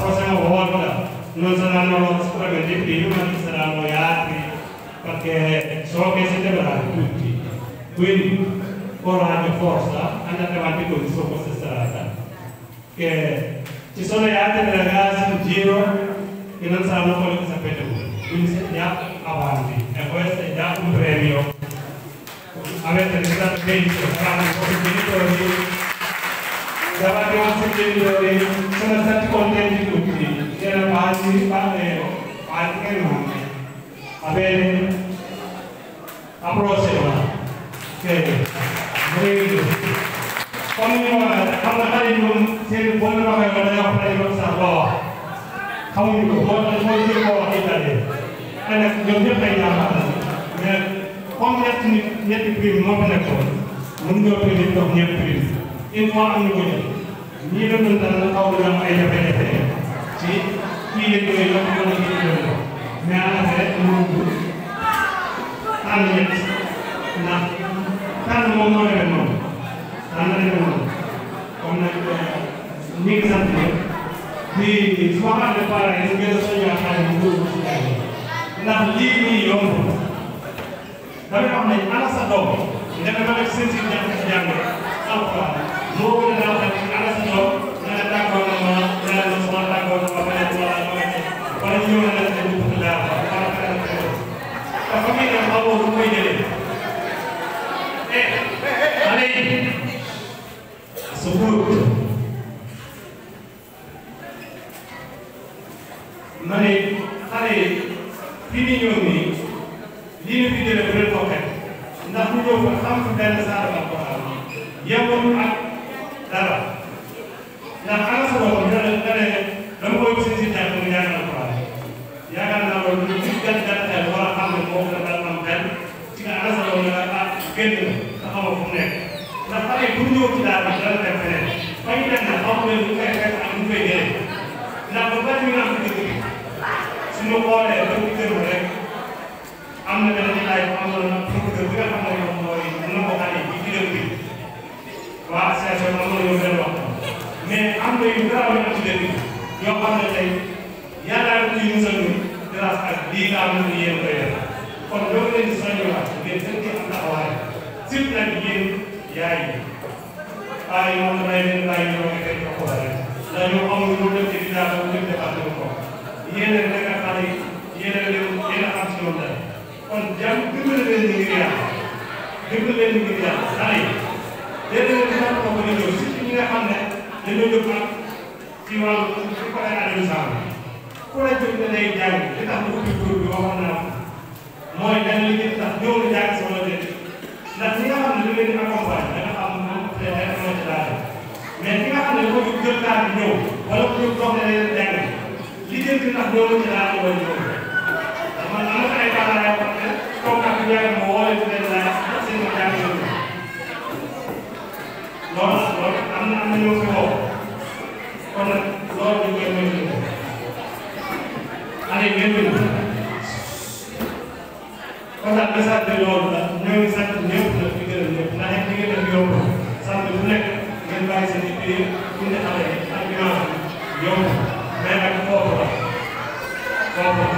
prossima volta non saranno sicuramente i primi ma ci saranno gli altri perché so che siete bravi tutti quindi coraggio, forza andate avanti così su questa strada che ci sono gli altri ragazzi in giro che non sanno quello che sapete voi quindi siete avanti e questo è già un premio avete pensato benissimo, fate un po' di jabaate on fuɗɗeni ɗoɗe sono satti on ɗenɗi ɗuɗɗi ena paasi paɗe paatiken ma aɓeene approché ma feere rewiɗo comme nima kamna kadi ɗum seeni bonnimaka waɗa yahotaɗi ɗon sa ɓoowa xamuñu ko goɗɗo fosi ɓoowa ɓiɗɗaɗe ene jom ñëpp ay ñamaɗa mais comme ñetti nit ñetti prime moo fa nekkoon mun ñoo prime jox ñetti prime une fois am na ko jël ñii doon doon dara xaw na am ay jafe-jafe ci kii yëpp yooyu la ko mën a jëlee mais en fait moom bu tànn ñett ndax tànn moom moo demee noonu tànn demee noonu comme nag euh, ñu ngi sant ñëpp di su ma xam ne par exemple ngeen soññoo xale bu góor bu ndax lii nii yomb damay wax ne ana sa doom nga demal ak seen si jàng jàng alxuraan ndax mu ñëw fa xam benn saar la ko xam yemoon ak dara ndax ala sama bopp nga ne nga ne dama koy gis si tànk mu jàngal ko waaye yaakaar naa loolu lu ci gàtt gàtt tey war a xam ne moom la dal am benn ci nga ala sama bopp nga ah génn nga xamoo fu mu nekk ndax xale yi bu ñu ñëw ci daal bi dana dem feneen fa ñu dem nag xamu leen lu koy fekk ak lu koy jëlee ndax ba bari ñu am dëkk bi suñu xoolee ba ñu gërëm rek am na benn laaj bu amoon na producteur bi nga xam ne waa association man ma yow benn wax mais am na yu garaaw yu am ci dëkk yoo xam ne tey yàllaa ko ci musal ñu grâce ak lii am na ni yéen koy def kon loolu leen di soññiwaat ngeen gën ci am taxawaay surtout nag yéen yaay yi ay moom damay leen bàyyi ñoo ngi koy jox wala dañoo amul lu dem ci dinaa ko dem defal ñu ko yéen a nekk ak xale yi yéen a leen yéen a am ci ñoom dara kon jàmm dimbali leen ñu ngi yàq dimbali leen ñu ngi léeg-léeg ñu ko bëgg a ñëw surtout ñi nga xam ne dañoo dëkk ak ci wàllu ci côté administration ku la jóg ne day jaay li tax ñu ubbi tur bi waxoon naa mooy dañ li ngeen tax ñëw na jaay sama dëkk ndax ñi nga xam ne da ngeen di accompagner da nga xam ne moom day day amoon ci daara mais ki nga xam ne dafa jóg jël daal di ñëw wala ku jóg dox ne day jaay li ngeen di tax ñëw na ci daara wala ñëw man am na ay daara yoo xam ne comme ak jaay ma woo leen di leen laaj seen jaay loolu loolu am na am na ñoo fi woo kon nag loolu dañ koy mën a année ngeen mën kon nag message bi loolu la ñoo ngi sant ñëpp nag di gërëm ñëpp ndax nag li ngeen def yomb sant bu nekk ngeen bàyyi seen i prix bind xale yi ak ginnaaw yomb mais nag foofu la foofu la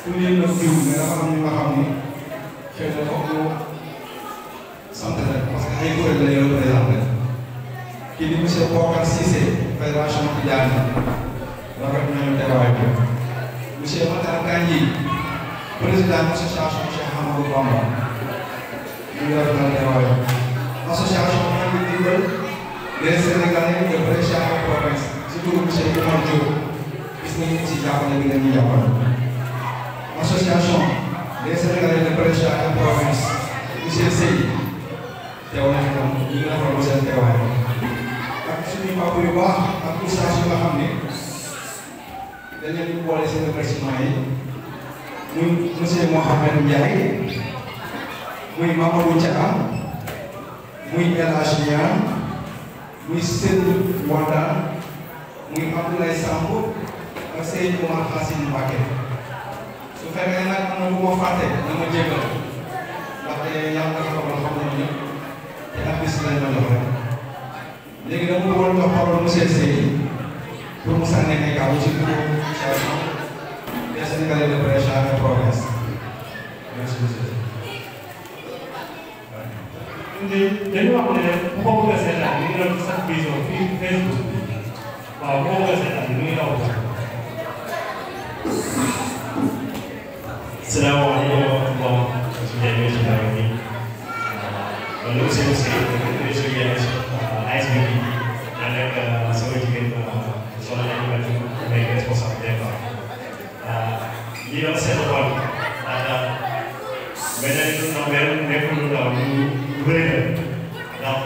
ku ne nag jiw mais dafa am ñu nga xam ni xëy na foog ñu sant rek parce que ay kuréel la yow lay am rek kii di monsieur Bokar Cissé fédération Tidiane rafet nañu teewaay bi monsieur Matar Kanji président association Cheikh Amadou Bamba ñu rafet nañu teewaay association bi di dimbal les Sénégalais de près chaque province surtout monsieur Oumar Diop gis nañu ci jàppale bi nga ñuy jàppale association des Sénégalais de presse la province monsieur Seye teew na itam ñu ngi rafetlu seen teewaay ak suñu mbokk yu baax ak ustaas yu nga xam ne dañ leen di boole seen remerciement yi muy monsieur Mohamed Ndiaye muy Mamadou Thiaka muy El Hadj Niang muy Seydou Wanda muy Abdoulaye Samb ak Seydou Omar Hassine Mbacké fekkee nag am na lu ma fàtte na ma jégal ndaxte yàlla dafa dogal xam nañu ñëpp te ak bis lañ ma jox rek léegi dama bëggoon jox parole monsieur Seye pour mu sànni ay kàddu ci turu association des Sénégalais de prêche et progrès merci monsieur. dañu wax ne bu ko bëgg a seetaan ñu ngi doon sax vision fii Facebook waaw bu ko bëgg a seetaan ñu ngi doon السلام عليكم ورحمة الله وبركاته loolu la aussi aussi réseau bi AS bi ànd ak sama jigéen soxna Aliou Badji nekk responsable DEPA lii dafa seetlu xool mais dañu doon ndaw mais nekkul lu ndaw lu lu bëri la ndax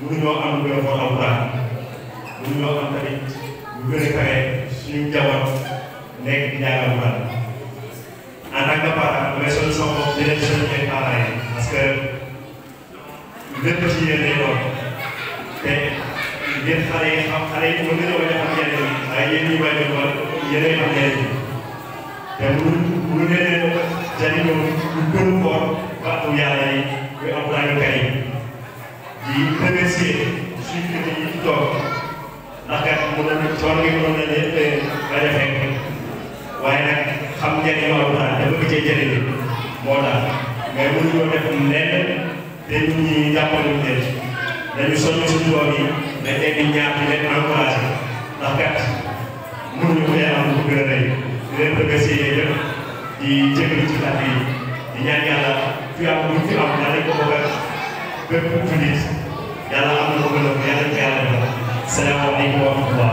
mënuñoo am lu gën a xool alxuraan mënuñoo am tamit lu gën a kawe suñu njaboot nekk di jàng alxuraan en eh, tant que parent damay sonal sama bopp di leen sonal ay parents yi parce que lépp ci yéen lay doon te yéen xale yi xam xale yi mën nañoo bañ a am njëriñ waaye yéen ñi bañ a doon yéenay am njëriñ te bu bu leen jëriñoo lu gën koor baatu yàlla yi muy am ràññukaay yi di remercier suñu kër yi ci toog ndax kat mënoon coono gi mënoon na leen bañ a fekk waaye nag. xam njëriñu alxuraan te bëgg cee jëriñu moo tax mais mënuñoo def lenn te nit ñi jàppale ñu leen dañu soññ suñu doom yi dañ leen di ñaax di leen encouragé ndax kat mënuñu ko leen am bu gën a rëy di leen remercier yëpp di jégalu ci kàddu yi di ñaan yàlla fi am buñ fi am yàlla ko bëgg bépp jullit yàlla am na ko gën a yàlla ko yàlla def salaamaaleykum wa rahmatullah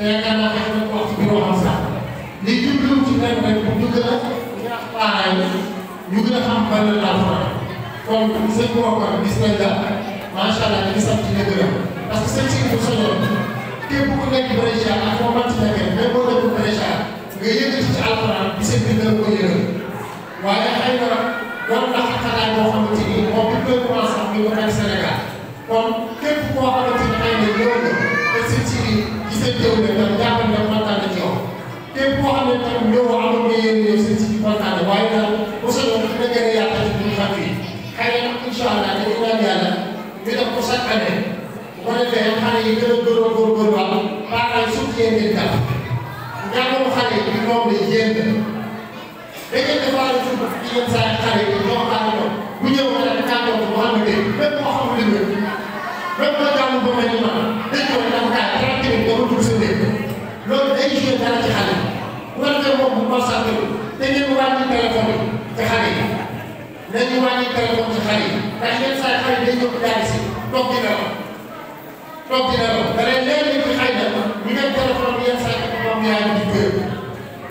te yaakaar naa xëy na wax bi waxam sax li jublu ci benn benn bu ñu gën a aay ñu gën a xam ban la laal fa kon sëñ bi waxoon gis nañ la macha allah dañuy sant di gërëm parce que sëñ si bu soñoon képp ku nekk Brescia ak foo mën ci nekkee même boo nekkul Brescia nga yëngati ci alxuraan bi sëñ bi dana ko yëngal waaye xëy na doon na xataa boo xamante ni moom bi koy commencé sax ñu ko nekk Sénégal kon képp koo xamante ni xëy na ñëw na te sëñ si seen jaww ji tam jàppal ne kontaan na ci yow képp koo xam ne tam ñëw amoon nga yéen ñëw seen si kontaan na waaye daal mosul woon dina gën a yàqal ci biir fànn yi xëy na incha allah dañu ñaan yàlla ñu def ko chaque année bu ko defee xale yi gën a gën a góorgóorluwaat maanaam suuf yéen ngeen dal njàngamu xale yi moom la yéen da ngeen defaale suuf ci yenn saa xale yi ñoo xam ne bu ñëw rek kàddoon bu xam ne même boo xamul ne même programme bu mel ni maanaam dañ koy avocat traité bi nga retour sa réew loolu day joué dara ci xale yi bu la defee moom bu constaté wu te ngeen wàññi téléphone yi ci xale yi nañu wàññi téléphone ci xale yi ndax yenn saa xale yi day ñëw daal si toog di la toog di la da leen leer ni ci xëy na ñu dem téléphone bi yenn saa yi moom yaa ngi di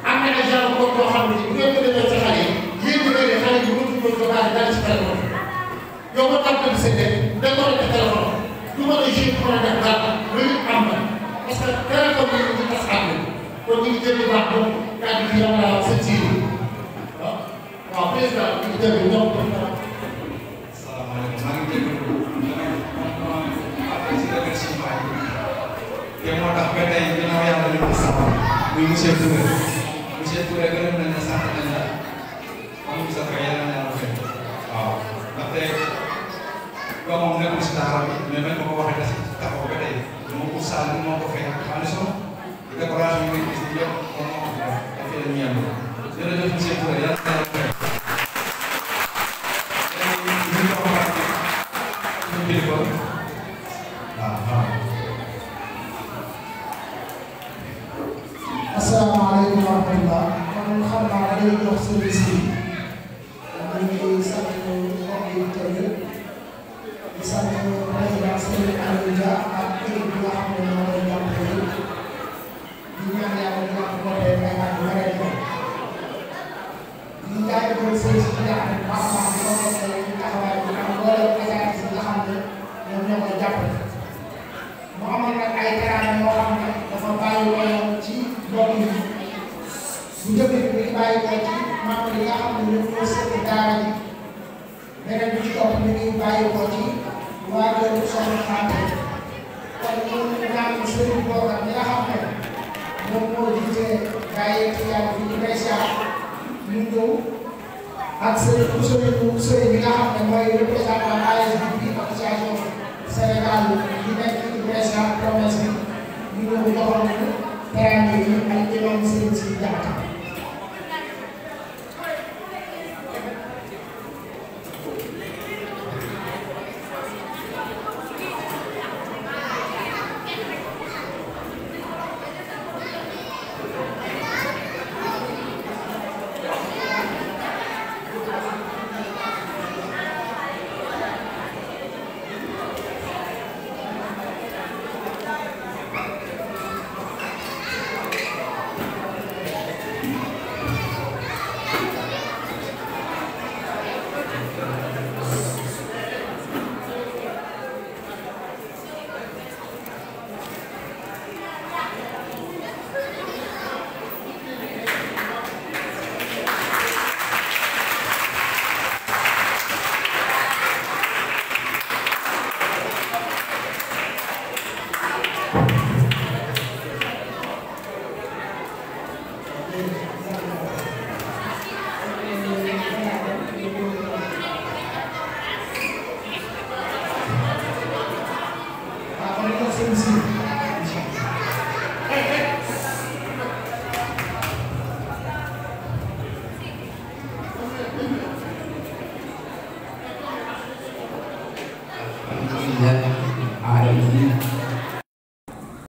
am na ay genre góor yoo xam ne bu ngeen ko defee ci xale yi yéen bu xale yi mënut ko jógaale daal si téléphone yow ma tàmbali sa dëkk décoré téléphone du ma lay gis mën a def dara lu ñu am na parce que dara ko ñu ngi tas ànd kon ñu ngi jënd baax donc kàddu gi yow laa sa ji waaw waaw président ñu ngi jënd ñoom ñoom ñoom. salaamaaleykum maa ngi déglu te moo tax ba tey ginnaaw yàlla li mu sama muy monsieur Touré monsieur Touré gërëm nañ la sant nañ la amuñu sa fay yàlla na yàlla fay waaw ndaxte doomam nekkul si daara bi mais bañ ko ko waxee dasi taxaw ba tey moom pour saa bi moo ko fay ak xaalisam décoration yi gis yëpp kon moo ko def dafay dem ñeent jërëjëf monsieur Touré yàlla na yàlla asalaamaaleykum wa rahmatulah man xam naa day jox service bi chị đồng giúp mình đi bay và chị mang đi ra mình lên phố sẽ đi ra đi nên là chị đồng mình đi bay và chị và cái lúc sau mình làm đấy còn những người làm sự của cả nhà học này một mối gì thế cái cái làm gì cái sao nhưng đúng ak sëriñ bu sëriñ bu sëriñ bi nga xam ne mooy représentant ASD bi ak association Sénégal yi nekk ci président promesse bi ñu ngi ko joxoon nañu teraanga yi ak jëloon seen si jaxata